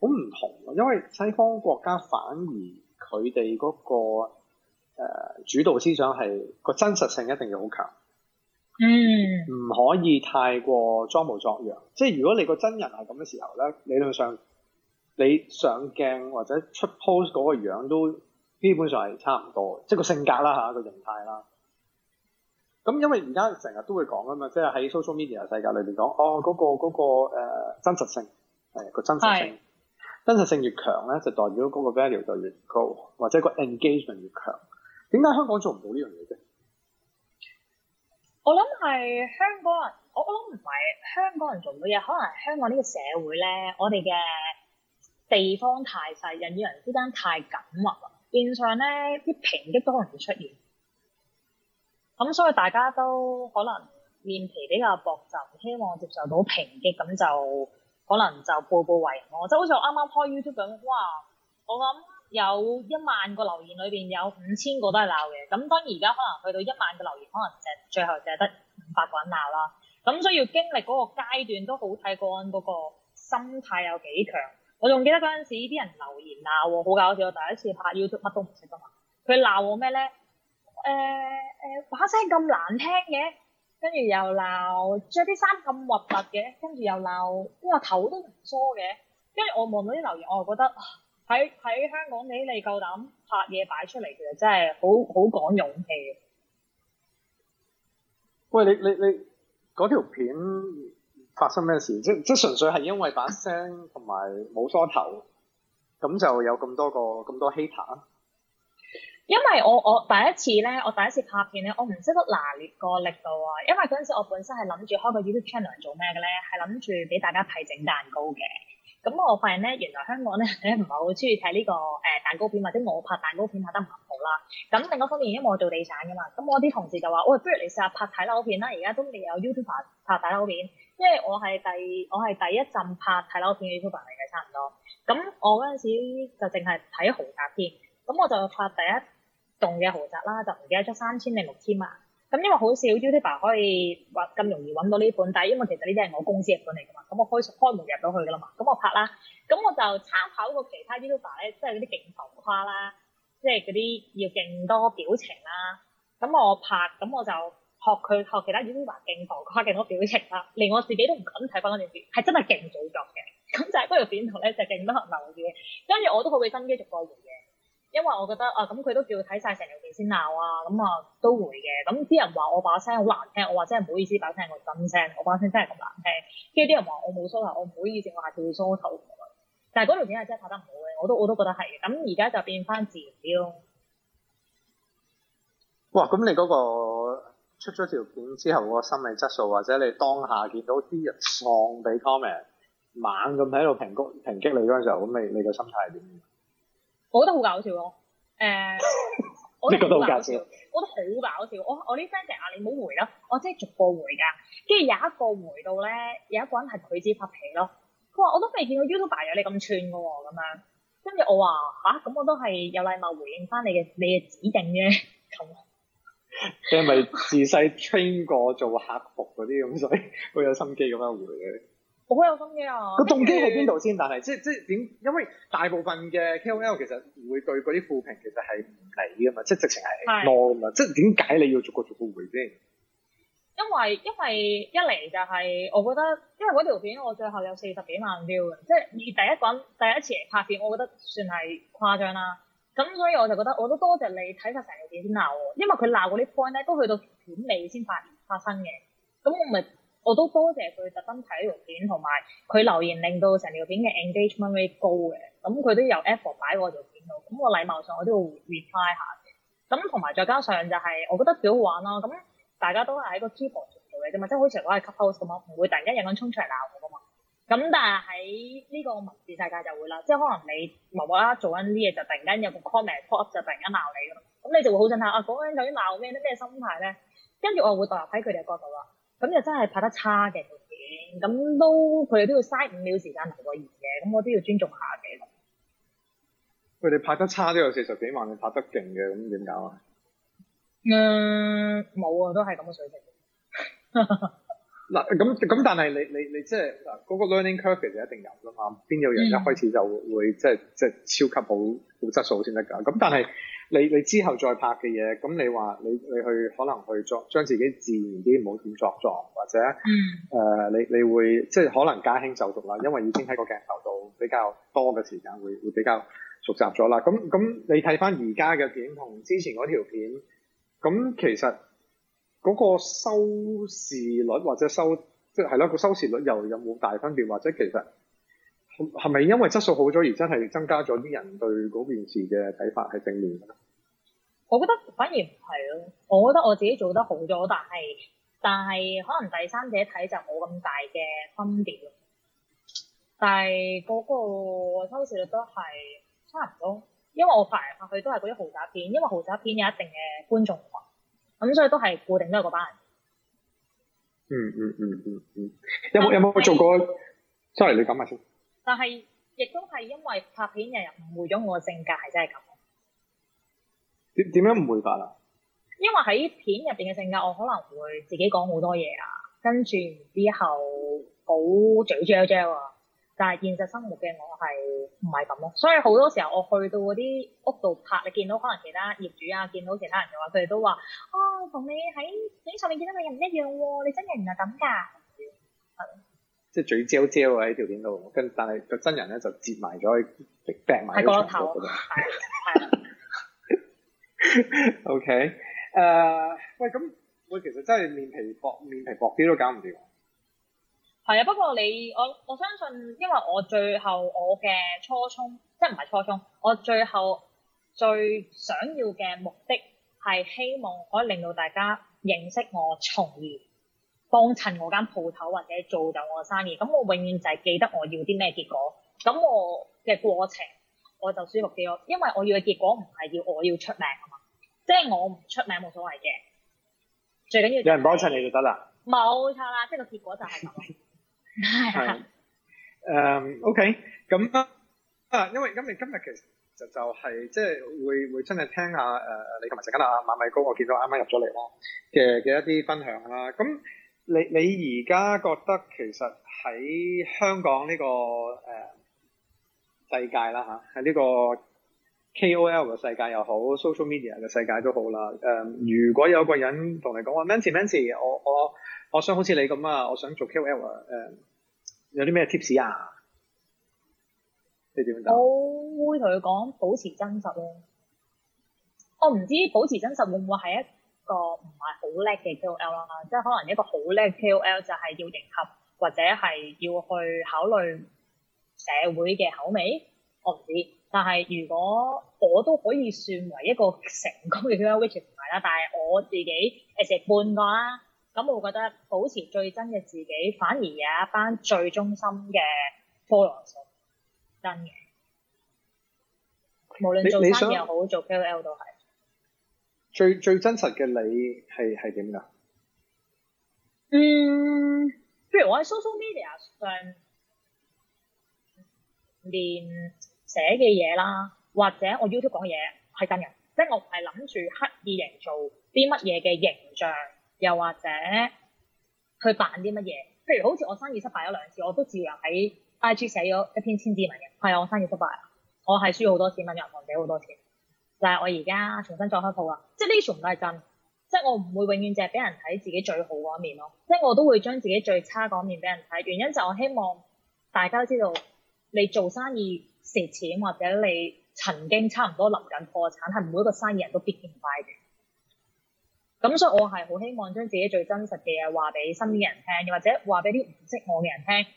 好唔同。因為西方國家反而佢哋嗰個誒、呃、主導思想係個真實性一定要好強，嗯，唔可以太過裝模作樣，即係如果你個真人係咁嘅時候咧，理論上你上鏡或者出 post 嗰個樣都基本上係差唔多，即係個性格啦吓個、啊、形態啦。咁因為而家成日都會講啊嘛，即係喺 social media 世界裏邊講，哦嗰個嗰個誒真實性係個真實性，真實性，真實性越強咧，就代表嗰個 value 就越高，或者個 engagement 越強。點解香港做唔到這東西呢樣嘢啫？我諗係香港人，我我諗唔係香港人做唔到嘢，可能香港呢個社會咧，我哋嘅地方太細，人與人之間太緊密啦，變相咧啲抨擊都可能會出現。咁所以大家都可能面皮比較薄就唔希望接受到抨擊，咁就可能就步步為營。就即好似我啱啱開 YouTube 咁，哇！我諗有一萬個留言裏面有五千個都係鬧嘅。咁當然而家可能去到一萬個留言，可能最後剩得五百個人鬧啦。咁所以要經歷嗰個階段都好睇個嗰個心態有幾強。我仲記得嗰陣時啲人留言鬧喎，好搞笑！我第一次拍 YouTube 乜都唔識噶嘛，佢鬧我咩咧？誒誒，把聲咁難聽嘅，跟住又鬧著啲衫咁核突嘅，跟住又鬧邊個頭都唔梳嘅，跟住我望到啲留言，我係覺得喺喺香港你你夠膽拍嘢擺出嚟，其實真係好好講勇氣。喂，你你你嗰條片發生咩事？即即純粹係因為把聲同埋冇梳頭，咁就有咁多個咁多 hater。因為我我第一次咧，我第一次拍片咧，我唔識得拿捏個力度啊、哦！因為嗰陣時我本身係諗住開個 YouTube channel 做咩嘅咧，係諗住俾大家睇整蛋糕嘅。咁、嗯、我發現咧，原來香港咧你唔係好中意睇呢、這個、呃、蛋糕片，或者我拍蛋糕片拍得唔好啦。咁另一方面，因為我做地產㗎嘛，咁我啲同事就話：喂，不如你試下拍睇樓片啦！而家都未有 YouTuber 拍睇樓片，因為我係第我係第一陣拍睇樓片嘅 YouTuber 嚟嘅，差唔多。咁我嗰時就淨係睇豪宅片，咁我就拍第一。用嘅豪宅啦，就唔記得咗三千零六千萬。咁因為好少 Youtuber 可以話咁容易揾到呢款，但係因為其實呢啲係我公司入本嚟嘅嘛，咁我可以開門入到去嘅啦嘛。咁我拍啦，咁我就參考過其他 Youtuber 咧，即係嗰啲勁浮誇啦，即係嗰啲要勁多表情啦。咁我拍，咁我就學佢學其他 Youtuber 勁浮誇、勁多表情啦。連我自己都唔敢睇返嗰 段片，係真係勁做作嘅。咁就係嗰段片度咧，就勁、是、多流嘅。跟住我都好鬼心機做個回嘅。.因為我覺得啊，咁佢都叫睇晒成條片先鬧啊，咁啊都會嘅。咁啲人話我把聲好難聽，我話真係唔好，好意思，把聲我真聲，我把聲真係咁難聽。跟住啲人話我冇梳頭，我唔好意思，我話叫梳頭。但係嗰條片係真係拍得唔好嘅，我都我都覺得係嘅。咁而家就變翻自然啲咯。哇！咁你嗰個出咗條片之後，個心理質素或者你當下見到啲人放俾 comment，猛咁喺度評估評擊你嗰陣時候，咁你你個心態係點？我覺得好搞笑咯，誒、呃，我覺得好搞，搞笑，我覺得好搞笑，我我啲 friend 成日你冇回啦，我真係、就是、逐個回㗎，跟住有一個回到咧，有一個人係佢自發脾咯，佢話我都未見過 YouTuber 有你咁串㗎喎，咁樣，跟、啊、住我話吓？咁我都係有禮貌回應翻你嘅你嘅指定嘅，咁。你係咪自細 train 過做客服嗰啲咁，所以好有心機咁樣回嘅？好有心機啊！個動機喺邊度先？但係即係即係點？因為大部分嘅 KOL 其實會對嗰啲負評其實係唔理噶嘛，即係直情係 no 噶嘛。即係點解你要逐個逐個回先？因為因為一嚟就係我覺得，因為嗰條片我最後有四十幾萬 view 嘅，即係以第一輪第一次嚟拍片，我覺得算係誇張啦。咁所以我就覺得我都多謝你睇晒成條片先鬧我，因為佢鬧嗰啲 point 咧都去到片尾先發發生嘅。咁我咪。我都多謝佢特登睇條片，同埋佢留言令到成條片嘅 engagement rate 高嘅。咁、嗯、佢都有 Apple 擺喺條片度，咁、嗯、我禮貌上我都要 reply 下嘅。咁同埋再加上就係、是、我覺得幾好玩咯。咁、嗯、大家都係喺個 keyboard 度做嘢啫嘛，即係好似我果係 Clubhouse 咁咯，唔會突然間有人沖出嚟鬧我噶嘛。咁、嗯、但係喺呢個文字世界就會啦，即係可能你無無啦啦做緊啲嘢，就突然間有個 comment pop up 就突然間鬧你㗎，咁、嗯、你就會好震撼啊！講緊究竟鬧咩咧？咩心態咧？跟住我會代入喺佢哋嘅角度啦。咁又真係拍得差嘅片，咁都佢哋都要嘥五秒時間留個言嘅，咁我都要尊重下嘅。佢哋拍得差都有四十幾萬，你拍得勁嘅，咁點搞啊？嗯，冇啊，都係咁嘅水平。 嗱咁咁，但係你你你即係嗱，嗰、就是那個 learning curve 就一定有啦嘛。邊有人一開始就會、嗯、會即係即係超級好高質素先得㗎？咁但係你你之後再拍嘅嘢，咁你話你你去可能去作將自己自然啲，冇點作作，或者誒、嗯呃、你你會即係可能駕輕就熟啦，因為已經喺個鏡頭度比較多嘅時間會，會會比較熟習咗啦。咁咁你睇翻而家嘅片同之前嗰條片，咁其實～嗰、那個收視率或者收即係啦，個、就是、收視率又有冇大分別，或者其實係咪因為質素好咗而真係增加咗啲人對嗰件事嘅睇法係正面嘅？我覺得反而唔係咯，我覺得我自己做得好咗，但係但係可能第三者睇就冇咁大嘅分別，但係嗰個收視率都係差唔多，因為我發嚟發去都係嗰啲豪宅片，因為豪宅片有一定嘅觀眾群。咁所以都係固定都係嗰班人。嗯嗯嗯嗯嗯，有冇有冇做過？sorry，你講埋先。但係亦都係因為拍片，人人誤會咗我嘅性格係真係咁。點點樣誤會法啊？因為喺片入邊嘅性格，我可能會自己講好多嘢啊，跟住之後好嘴嚼嚼啊。但係現實生活嘅我係唔係咁咯，所以好多時候我去到嗰啲屋度拍，你見到可能其他業主啊，見到其他人嘅話，佢哋都話：哦，同你喺影相上面見到你唔一樣喎，你真人唔係咁㗎。即係嘴焦焦喺條片度，跟但係個真人咧就折埋咗，劈劈埋喺個鑊頭嗰度。係啊，係啊。O K，誒，喂，咁喂，其實真係面皮薄，面皮薄啲都搞唔掂。係啊，不過你我我相信，因為我最後我嘅初衷即係唔係初衷，我最後最想要嘅目的係希望可以令到大家認識我，從而幫襯我間鋪頭或者做就我嘅生意。咁我永遠就係記得我要啲咩結果，咁我嘅過程我就舒服啲咯。因為我要嘅結果唔係要我要出名啊嘛，就是，即係我唔出名冇所謂嘅，最緊要有人幫襯你就得啦。冇錯啦，即係個結果就係咁。 係啊，OK 咁啊，啊，因為咁，你今日其實就係、就係即係會會真係聽下誒、呃、你同埋成吉拉啊，馬米高，我見到啱啱入咗嚟嘅嘅一啲分享啦。咁你你而家覺得其實喺香港呢、呢個誒、呃、世界啦嚇，喺、啊、呢、呢個。KOL 嘅世界又好，social media 嘅世界都好啦。Um, 如果有個人同你講話，Manci，Manci，我我我想好似你咁啊，我想做 KOL 誒、um,，有啲咩 tips 啊？你點答？我會同佢講保持真實咯。我唔知保持真實會唔會係一個唔係好叻嘅 KOL 啦，即係可能一個好叻 KOL 就係要迎合或者係要去考慮社會嘅口味。我唔知。但係，如果我都可以算為一個成功嘅 t w i t page 唔係啦，但係我自己誒食半個啦，咁我覺得保持最真嘅自己，反而有一班最忠心嘅 followers 真嘅。無論做生意又好，做 KOL 都係。最最真實嘅你係係點㗎？嗯，譬如我喺 social media 上連。寫嘅嘢啦，或者我 YouTube 講嘢係真嘅，即係我唔係諗住刻意營造啲乜嘢嘅形象，又或者去扮啲乜嘢。譬如好似我生意失敗咗兩次，我都自由喺 IG 寫咗一篇千字文嘅。係啊，我生意失敗，我係輸好多錢，問銀行俾好多錢，但係我而家重新再開鋪啦。即係呢啲全部都係真，即係我唔會永遠就係俾人睇自己最好嗰一面咯。即係我都會將自己最差嗰面俾人睇，原因就我希望大家知道你做生意。蝕錢或者你曾經差唔多臨緊破產，係每一個生意人都必經嘅。咁所以我係好希望將自己最真實嘅嘢話俾身邊嘅人聽，又或者話俾啲唔識我嘅人聽。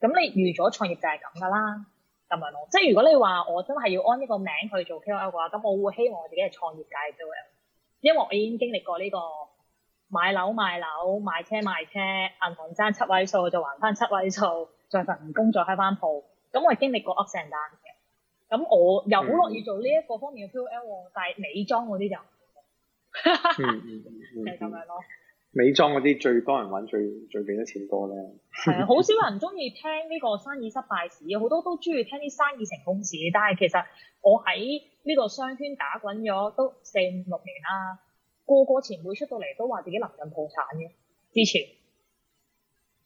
咁你預咗創業就係咁噶啦，咁樣咯。即係如果你話我真係要安呢個名去做 KOL 嘅話，咁我會希望我自己係創業界嘅 KOL，因為我已經經歷過呢個買樓賣樓、買車賣車、銀行爭七位數就還翻七位數，再份工再開翻鋪。咁我係經歷過 ups and down 嘅，咁我又好樂意做呢一個方面嘅 KOL，嗯、但係美妝嗰啲就，係、嗯、咁、嗯嗯、 樣咯。美妝嗰啲最多人玩，最最俾得錢多咧。係 好少人中意聽呢個生意失敗史，好多人都中意聽啲生意成功史。但係其實我喺呢個商圈打滾咗都四五六年啦，個個前輩出到嚟都話自己臨近破產嘅之前，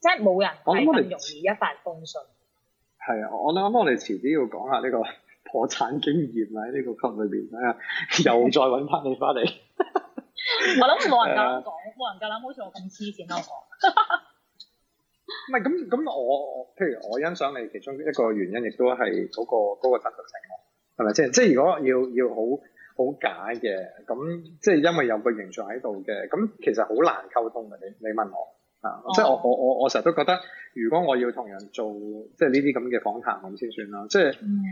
即係冇人係咁容易一帆風順。係啊，我諗我哋遲啲要講下呢個破產經驗喺呢個級裏邊，睇下， 又再揾翻你翻嚟。我諗冇人夠膽講，冇人夠膽好似我咁黐線我講。唔係咁咁，我譬如我欣賞你其中一個原因也是、那個，亦都係嗰個嗰、那個真實性，係咪先？即、就、係、是、如果要要好好假嘅，咁即係因為有個形象喺度嘅，咁其實好難溝通嘅。你你問我？啊！即係我、oh. 我我我成日都覺得，如果我要同人做即係呢啲咁嘅訪談，咁先算啦。即係、mm.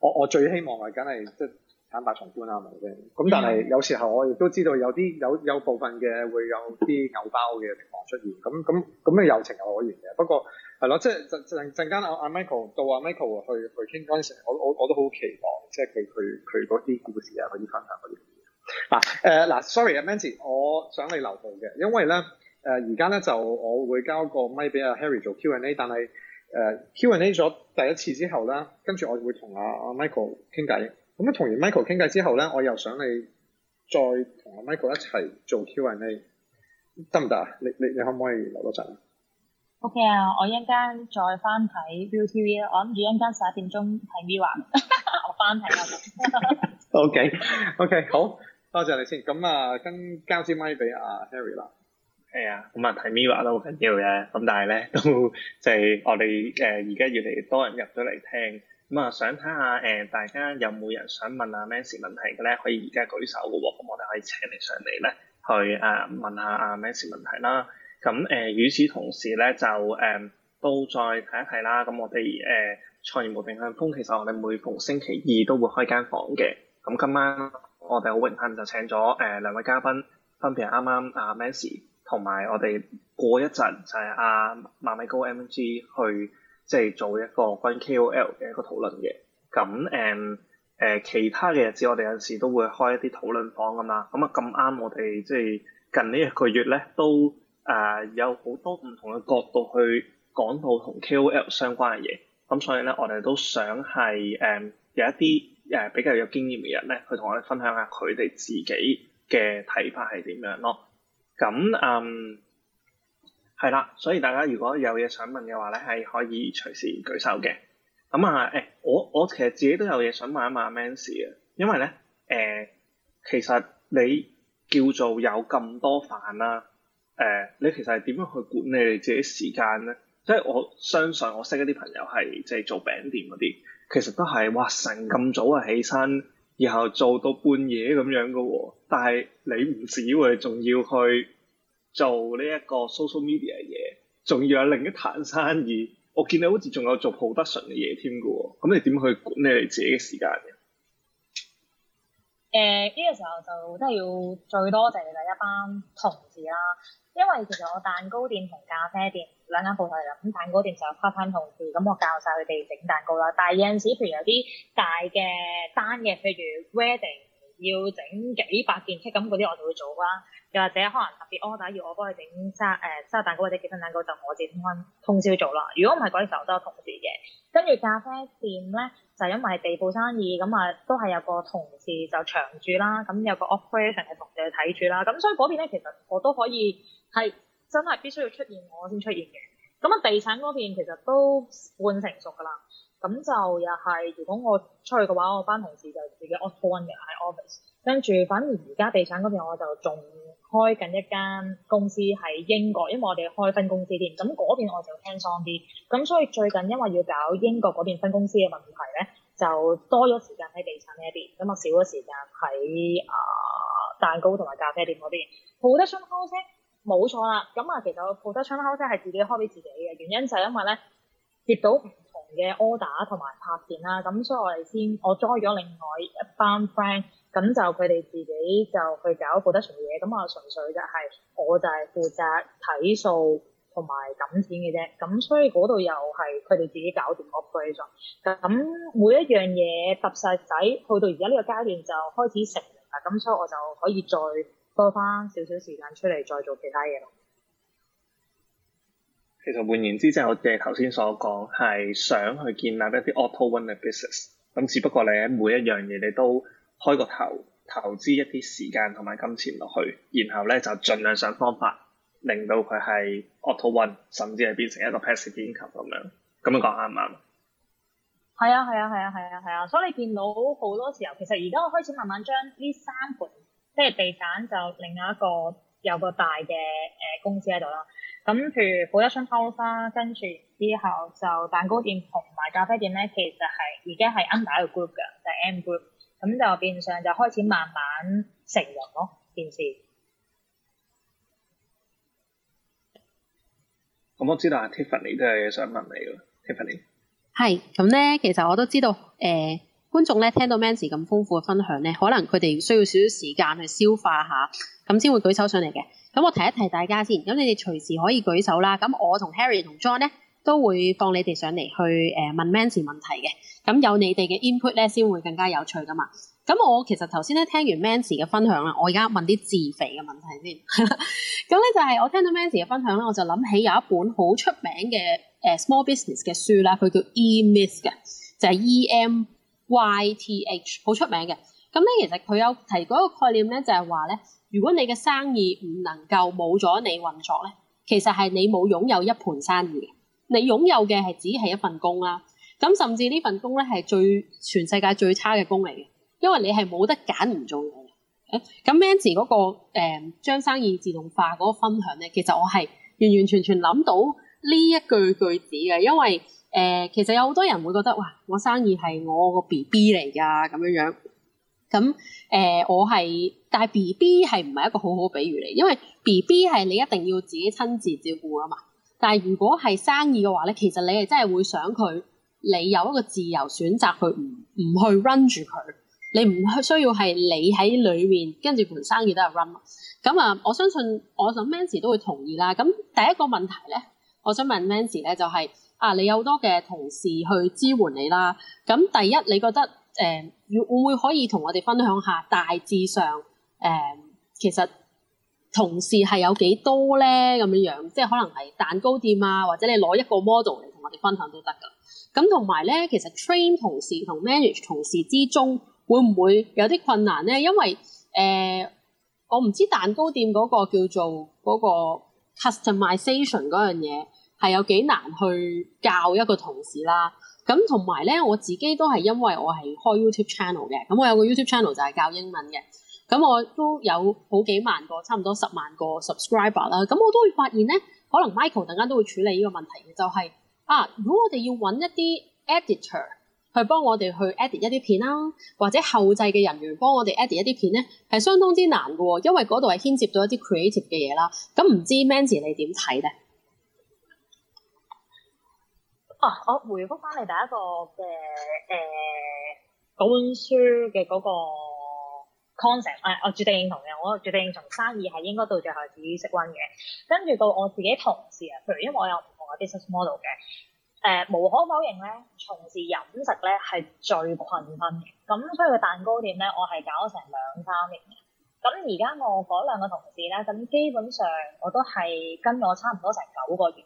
我我最希望係，梗係即係坦白從寬啦，係咪先？咁但係有時候我亦都知道有啲有有部分嘅會有啲偶包嘅情況出現。咁咁咁咪有情有可原嘅。不過係咯，即係陣陣陣間阿阿 Michael 到阿 Michael 去去傾嗰陣時，我我我都好期望即係佢佢佢嗰啲故事啊、嗰啲分享嗰啲嗱誒嗱。Sorry 啊 Manci，我想你留步嘅，因為咧。誒而家咧就我會交個咪俾阿 Harry 做 Q and A，但係誒、呃、Q and A 咗第一次之後咧，跟住我會跟、啊嗯、同阿阿 Michael 傾偈。咁樣同完 Michael 傾偈之後咧，我又想你再同阿 Michael 一齊做 Q and A，得唔得啊？你你你可唔可以留多陣？OK 啊，我一陣間再翻睇 Viu TV 啦。我諗住一陣間十一點鐘睇 Mirror，我翻睇啦。OK OK，好多謝，謝你先。咁 啊，跟交支咪俾阿 Harry 啦。係、哎、啊，咁啊睇 Vlog 都好緊要嘅，咁但係咧都就係、是、我哋誒而家越嚟越多人入咗嚟聽，咁、嗯、啊想睇下誒大家有冇人想問阿、啊、Manci 問題嘅咧，可以而家舉手嘅喎，咁、嗯、我哋可以請你上嚟咧去誒、呃、問下阿、啊、Manci 問題啦。咁、嗯、誒、呃、與此同時咧就誒、呃、都再睇一睇啦。咁、嗯、我哋誒、呃、創業無定向瘋，其實我哋每逢星期二都會開間房嘅。咁、嗯、今晚我哋好榮幸就請咗誒、呃、兩位嘉賓，分別係啱啱阿 Manci 同埋我哋過一陣就係阿萬米高 M G 去即係、就是、做一個關於 K O L 嘅一個討論嘅。咁誒、嗯呃、其他嘅日子我哋有時都會開一啲討論房㗎嘛。咁啊，咁啱我哋即係近呢一個月咧都誒有好多唔同嘅角度去講到同 K O L 相關嘅嘢。咁所以咧，我哋都想係誒、嗯、有一啲誒比較有經驗嘅人咧去同我哋分享下佢哋自己嘅睇法係點樣咯。咁嗯係啦，所以大家如果有嘢想問嘅話咧，係可以隨時舉手嘅。咁啊、哎、我我其實自己都有嘢想問一問阿 Manci 嘅，因為咧、呃、其實你叫做有咁多飯啦、呃，你其實係點樣去管理你自己時間咧？即、就、係、是、我相信我識一啲朋友係即係做餅店嗰啲，其實都係哇，成咁早啊起身。然後做到半夜咁樣嘅喎，但係你唔止，你仲要去做呢一個 social media 嘢，仲要有另一攤生意。我見你好似仲有做 production 嘅嘢添嘅喎，咁你點去管理你自己嘅時間嘅？誒、呃、呢、呢個時候就真係要最多謝你哋一班同事啦。因為其實我蛋糕店同咖啡店兩間鋪頭嚟啦，咁蛋糕店就有 part time 同事，咁我教晒佢哋整蛋糕啦。但係有陣時，譬如有啲大嘅單嘅，譬如 wedding 要整幾百件 c 咁嗰啲我就會做啦。又或者可能特別 order 要我幫佢整沙誒、呃、沙蛋糕或者結婚蛋糕，就我自己通晚通宵做啦。如果唔係嗰啲時候，都有同事嘅。跟住咖啡店咧。就是、因為地鋪生意，咁啊都係有個同事就長住啦，咁有個 operation 嘅同事睇住啦，咁所以嗰邊咧其實我都可以係真係必須要出現我先出現嘅。咁啊地產嗰邊其實都半成熟㗎啦，咁就又係如果我出去嘅話，我班同事就自己 auto running 喺 office，跟住反而而家地產嗰邊我就仲～開緊一間公司喺英國，因為我哋開分公司添，咁嗰邊我就輕鬆啲，咁所以最近因為要搞英國嗰邊分公司嘅問題咧，就多咗時間喺地產呢一邊，咁啊少咗時間喺啊蛋糕同埋咖啡店嗰邊。Production House 冇錯啦，咁啊其實 Production House 係自己開俾自己嘅，原因就係因為咧接到唔同嘅 order 同埋拍片啦，咁所以我哋先我 join 咗另外一班 friend。咁就佢哋自己就去搞 production 嘅嘢，咁啊純粹就係、是、我就係負責睇數同埋揼錢嘅啫。咁所以嗰度又係佢哋自己搞掂 operation 咗。咁、mm-hmm. 每一樣嘢揼晒仔，去到而家呢個階段就開始成啦。咁所以我就可以再多翻少少時間出嚟，再做其他嘢啦。其實換言之，即係我哋頭先所講係想去建立一啲 auto win 嘅 business，咁只不過你喺每一樣嘢你都。開個頭投資一啲時間同埋金錢落去，然後咧就盡量想方法令到佢係 auto run，甚至係變成一個 passive income 咁樣。咁樣講啱唔啱？係啊係啊係啊係啊係啊！所以你見到好多時候，其實而家我開始慢慢將呢三盤即係地產就另外一個有個大嘅、呃、公司喺度啦。咁譬如保一商鋪啦，跟住之後就蛋糕店同埋咖啡店咧，其實係而家係 under 一個 group 嘅，就係、M group。咁就變相就開始慢慢成長咯，件事。咁我知道阿 Tiffany 都係想問你喎。Tiffany 係，咁咧、嗯、其實我都知道，誒、呃、觀眾咧聽到 Manci 咁豐富嘅分享咧，可能佢哋需要少少時間去消化下，咁先會舉手上嚟嘅。咁我提一提大家先，咁你哋隨時可以舉手啦。咁我同 Harry 同 John 咧，都會放你哋上嚟去問 Manci 問題嘅，咁有你哋嘅 input 咧，先會更加有趣噶嘛。咁我其實頭先咧聽完 Manci 嘅分享啦，我而家問啲自肥嘅問題先。咁咧就係、是、我聽到 Manci 嘅分享咧，我就諗起有一本好出名嘅、uh, small business 嘅書啦，佢叫 E Myth 嘅，就係、是、E M Y T H，好出名嘅。咁咧其實佢有提嗰個概念咧，就係話咧，如果你嘅生意唔能夠冇咗你運作咧，其實係你冇擁有，有一盤生意嘅。你擁有嘅係只係一份工啦，咁甚至呢份工咧係最全世界最差嘅工嚟嘅，因為你係冇得揀唔做嘢嘅。咁 Manci 嗰個誒將、呃、生意自動化嗰個分享咧，其實我係完完全全諗到呢一句句子嘅，因為誒、呃、其實有好多人會覺得哇，我生意係我個 B B 嚟㗎咁樣樣，咁誒、呃、我係，但係 B B 係唔係一個好好比喻嚟？因為 B B 係你一定要自己親自照顧啊嘛。但係如果係生意嘅話咧，其實你係真係會想佢，你有一個自由選擇，佢唔唔去 run 住佢，你唔需要係你喺裏面跟住盤生意都係 run。咁啊，我相信我想 Manci 都會同意啦。咁第一個問題咧，我想問 Manci 咧，就係、是、啊，你有好多嘅同事去支援你啦。咁第一，你覺得誒唔、呃、會，會可以同我哋分享一下大致上誒、呃、其實。同事係有幾多呢？咁樣即係可能係蛋糕店啊，或者你攞一個 model 嚟同我哋分享都得㗎。咁同埋呢，其實 train 同事同 manage 同事之中，會唔會有啲困難呢？因為、呃、我唔知蛋糕店嗰個叫做嗰個 customization 嗰樣嘢係有幾難去教一個同事啦。咁同埋呢，我自己都係因為我係開 YouTube channel 嘅，咁我有個 YouTube channel 就係教英文嘅。咁我都有好幾萬個，差唔多十萬個 subscriber 啦。咁我都會發現咧，可能 Michael 等間都會處理呢個問題嘅，就係、是、啊，如果我哋要揾一啲 editor 去幫我哋去 edit 一啲片啦，或者後製嘅人員幫我哋 edit 一啲片咧，係相當之難喎，因為嗰度係牽涉到一啲 creative 嘅嘢啦。咁唔知 Manci 你點睇咧？啊，我回覆翻你第一個嘅誒本書嘅嗰、那個。concept 誒，我絕對認同嘅，我絕對認同,對認同生意係應該到最後自己識溫嘅。跟住到我自己同事啊，譬如因為我有唔同嘅 business model 嘅、呃，無可否認咧，從事飲食咧係最困困嘅。咁所以個蛋糕店咧，我係搞咗成兩三年嘅。咁而家我嗰兩個同事咧，咁基本上我都係跟我差唔多成九個月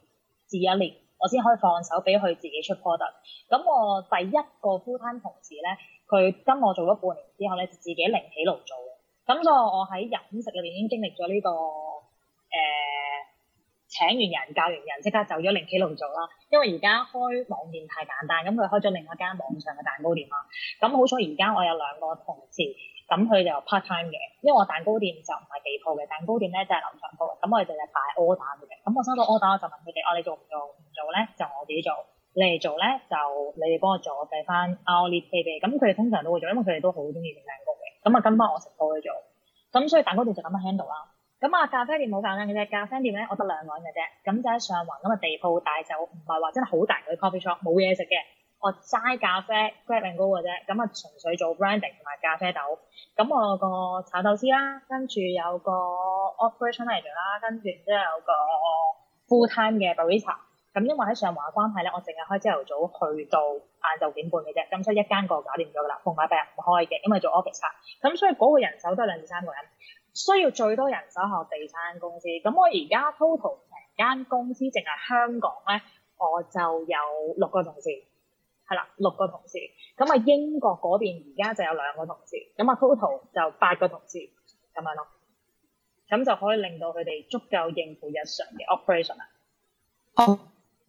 至一年，我先可以放手俾佢自己出 order。咁我第一個 full time 同事咧。佢跟我做咗半年之後咧，就自己零起爐做嘅。咁所以我喺飲食入面已經經歷咗呢個誒、呃、請完人教完人，即刻走咗零起爐做啦。因為而家開網店太簡單，咁、嗯、佢開咗另一間網上嘅蛋糕店啦。咁好彩而家我有兩個同事，咁佢就 part time 嘅，因為我蛋糕店就唔係地鋪嘅，蛋糕店咧就係樓上鋪嘅。咁我哋就係擺 order 嘅。咁我收到 order 我就問佢哋：我、啊、哋做唔做？唔做咧就我自己做。嚟做咧就你哋幫我做，我計翻 outlet pay 俾你。咁佢哋通常都會做，因為佢哋都好中意做餅糕嘅。咁啊，今晚我食鋪去做，咁所以蛋糕店就咁樣 handle 啦。咁啊，咖啡店好簡單嘅啫，咖啡店咧我得兩個人嘅啫，咁就喺上環咁啊地鋪，帶走就唔係話真係好大嗰啲 coffee shop，冇嘢食嘅，我齋咖啡 grab and go 嘅啫，咁啊純粹做 branding 同埋咖啡豆。咁我個炒豆師啦，跟住有個 operation 嚟做啦，跟住都有個 full time 嘅 barista。咁、嗯、因為喺上環嘅關係咧，我淨係開朝頭早去到晏晝點半嘅啫。咁、嗯、所以一間個搞掂咗噶啦，逢禮拜日唔開嘅，因為做 office 咁、嗯、所以嗰個人手都係兩至三個人，需要最多人手係第三、嗯、間公司。咁我而家 total 成間公司淨係香港咧，我就有六個同事係啦，六個同事。咁啊英國嗰邊而家就有兩個同事，咁啊 total 就八個同事咁、嗯、樣咯。咁、嗯嗯嗯嗯嗯嗯、就可以令到佢哋足夠應付日常嘅 operation 啦。好、哦。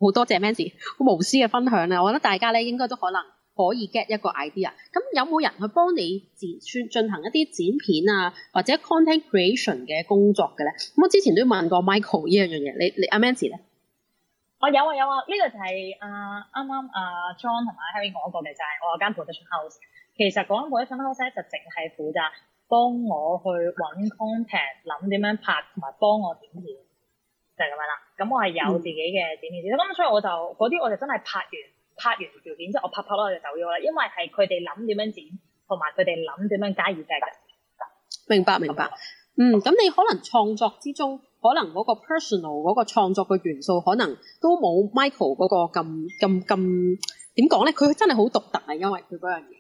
好多謝 Manci，好無私嘅分享咧，我覺得大家咧應該都可能可以 get 一個 idea。咁有冇人去幫你剪，穿進行一啲剪片啊，或者 content creation 嘅工作嘅咧？咁我之前都問過 Michael 呢樣嘢，你你阿 Manci 咧？我有啊、哦、有啊，呢、啊呢個就係啊啱啱阿 John 同埋 Henry 講過嘅，就係我間 production house。其實嗰間 production house 咧就淨係負責幫我去揾 content，諗點樣拍同埋幫我點咁、嗯、樣啦，咁我係有自己嘅剪片師，咁所以我就嗰啲我就真係拍完拍完條片之後，我拍拍落就走咗啦。因為係佢哋諗點樣剪，同埋佢哋諗點樣加耳機嘅。明白，明白。嗯，咁、嗯嗯、你可能創作之中，可能嗰個 personal 嗰個創作嘅元素，可能都冇 Michael 嗰個咁咁咁點講咧？佢真係好獨特啊，因為佢嗰樣嘢。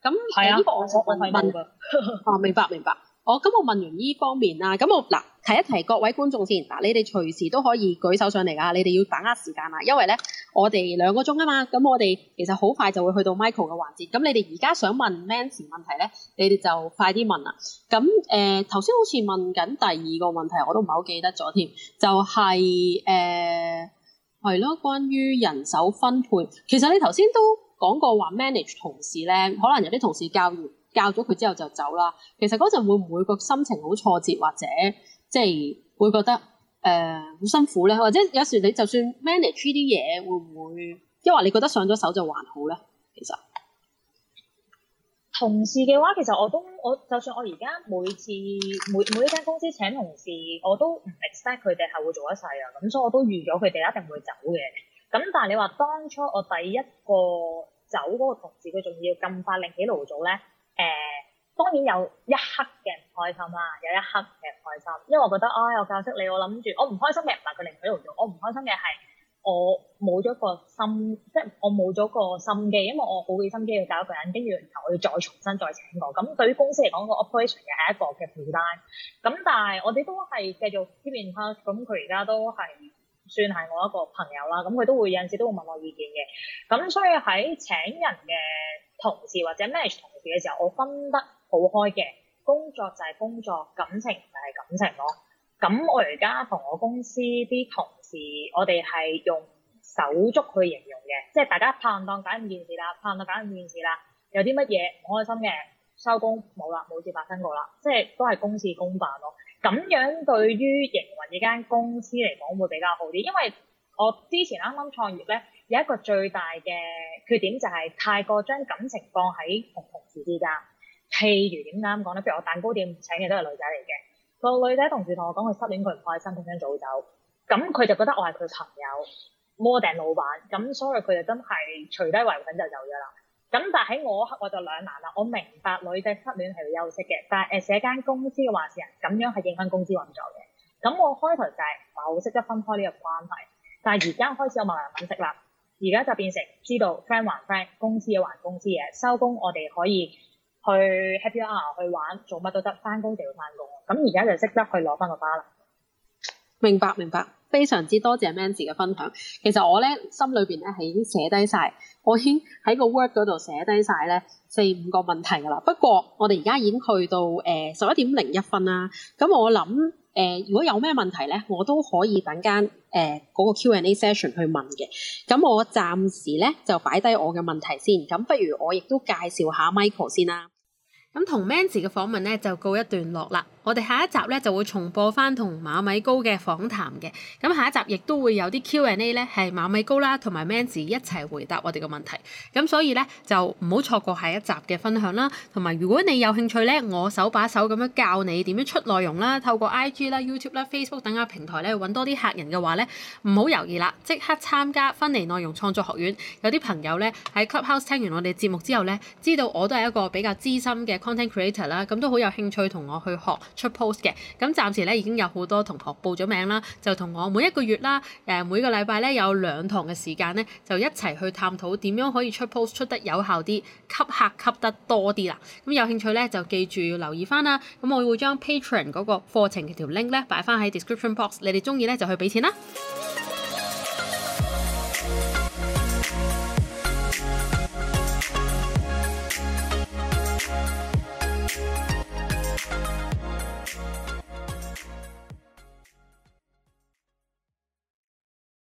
咁係啊，我我問，問 啊，明白明白。我、oh, 咁我問完呢方面啦，咁我嗱提一提各位觀眾先嗱，你哋隨時都可以舉手上嚟噶，你哋要把握時間啦，因為咧我哋兩個鐘啊嘛，咁我哋其實好快就會去到 Michael 嘅環節，咁你哋而家想問 Manci 問題咧，你哋就快啲問啦。咁誒頭先好似問緊第二個問題，我都唔係好記得咗添，就係誒係咯，關於人手分配，其實你頭先都講過話 manage 同事咧，可能有啲同事教育教咗佢之後就走啦。其實嗰陣會唔會個心情好挫折，或者即係會覺得誒好、呃、辛苦咧？或者有時候你就算 manage 啲嘢，會唔會即係話你覺得上咗手就還好咧？其實同事嘅話，其實我都我就算我而家每次每每一間公司請同事，我都唔 expect 佢哋係會做一世啊。咁所以我都預咗佢哋一定會走嘅。咁但係你話當初我第一個走嗰個同事，佢仲要咁快另起爐做咧？誒當然有一刻嘅唔開心啦，有一刻嘅唔開心，因為我覺得，唉、哎，我教識你，我諗住我唔開心嘅唔係佢靈佢度做，我唔開心嘅係我冇咗個心，即係我冇咗個心機，因為我好嘅心機要教一個人，跟住然後我要再重新再請個，咁對於公司嚟講個 operation 嘅係一個嘅負擔。咁但係我哋都係繼續 keep in t o 咁佢而家都係算係我一個朋友啦。咁佢都會有陣時都會問我意見嘅。咁所以喺請人嘅同事或者 m a n a g 嘅時候，我分得好開嘅工作就係工作，感情就係感情咯。咁我而家同我公司啲同事，我哋係用手足去形容嘅，即係大家拍檔搞掂件事啦，拍檔搞掂件事啦，有啲乜嘢唔開心嘅，收工冇啦，冇事發生過啦，即係都係公事公辦咯。咁樣對於營運呢間公司嚟講會比較好啲，因為我之前啱啱創業咧。有一個最大嘅缺點就係太過將感情放喺同同事之間，譬如點解咁講咧？譬如我蛋糕店請嘅都係女仔嚟嘅，個女仔同事同我講佢失戀，佢唔開心，佢想早走，咁佢就覺得我係佢朋友，冇當我老闆，咁所以佢就真係除低圍裙就走咗啦。咁但喺我嗰刻我就兩難啦。我明白女仔失戀係要休息嘅，但係誒，成間公司嘅話事人咁樣係影響公司運作嘅，咁我開頭就係唔係好識得分開呢個關係，但係而家開始我慢慢揾識啦。而家就變成知道 friend 還 friend，公司嘢還公司嘢，收工我哋可以去 happy hour 去玩，做乜都得，翻工就要翻工。咁而家就識得去攞翻個 bar 啦。明白明白，非常之多謝 Manci 嘅分享。其實我咧心裏邊咧係已經寫低晒，我已經喺個 Word 嗰度寫低晒咧四五個問題噶啦。不過我哋而家已經去到誒十一點零一分啦。咁我諗。誒、呃、如果有咩問題咧，我都可以等間誒嗰個 Q and A session 去問嘅。咁我暫時咧就擺低我嘅問題先。咁不如我亦都介紹下 Michael 先啦。咁同 Manci 嘅訪問咧就告一段落啦。我哋下一集咧就會重播翻同馬米高嘅訪談嘅，咁下一集亦都會有啲 Q&A 咧，係馬米高啦同埋 Manci 一齊回答我哋嘅問題。咁所以咧就唔好錯過下一集嘅分享啦。同埋如果你有興趣咧，我手把手咁樣教你點樣出內容啦，透過 IG YouTube，啦、YouTube 啦、Facebook 等嘅平台咧揾多啲客人嘅話咧，唔好猶豫啦，即刻參加芬尼內容創作學院。有啲朋友咧喺 Clubhouse 聽完我哋節目之後咧，知道我都係一個比較資深嘅 Content Creator 啦，咁都好有興趣同我去學。出 post 嘅，咁暫時咧已經有好多同學報咗名啦，就同我每一個月啦，呃、每個禮拜咧有兩堂嘅時間咧，就一齊去探討點樣可以出 post 出得有效啲，吸客吸得多啲啦。咁有興趣咧就記住要留意翻啦。咁我會將 Patreon 嗰個課程嘅條 link 咧擺翻喺 description box，你哋中意咧就去俾錢啦。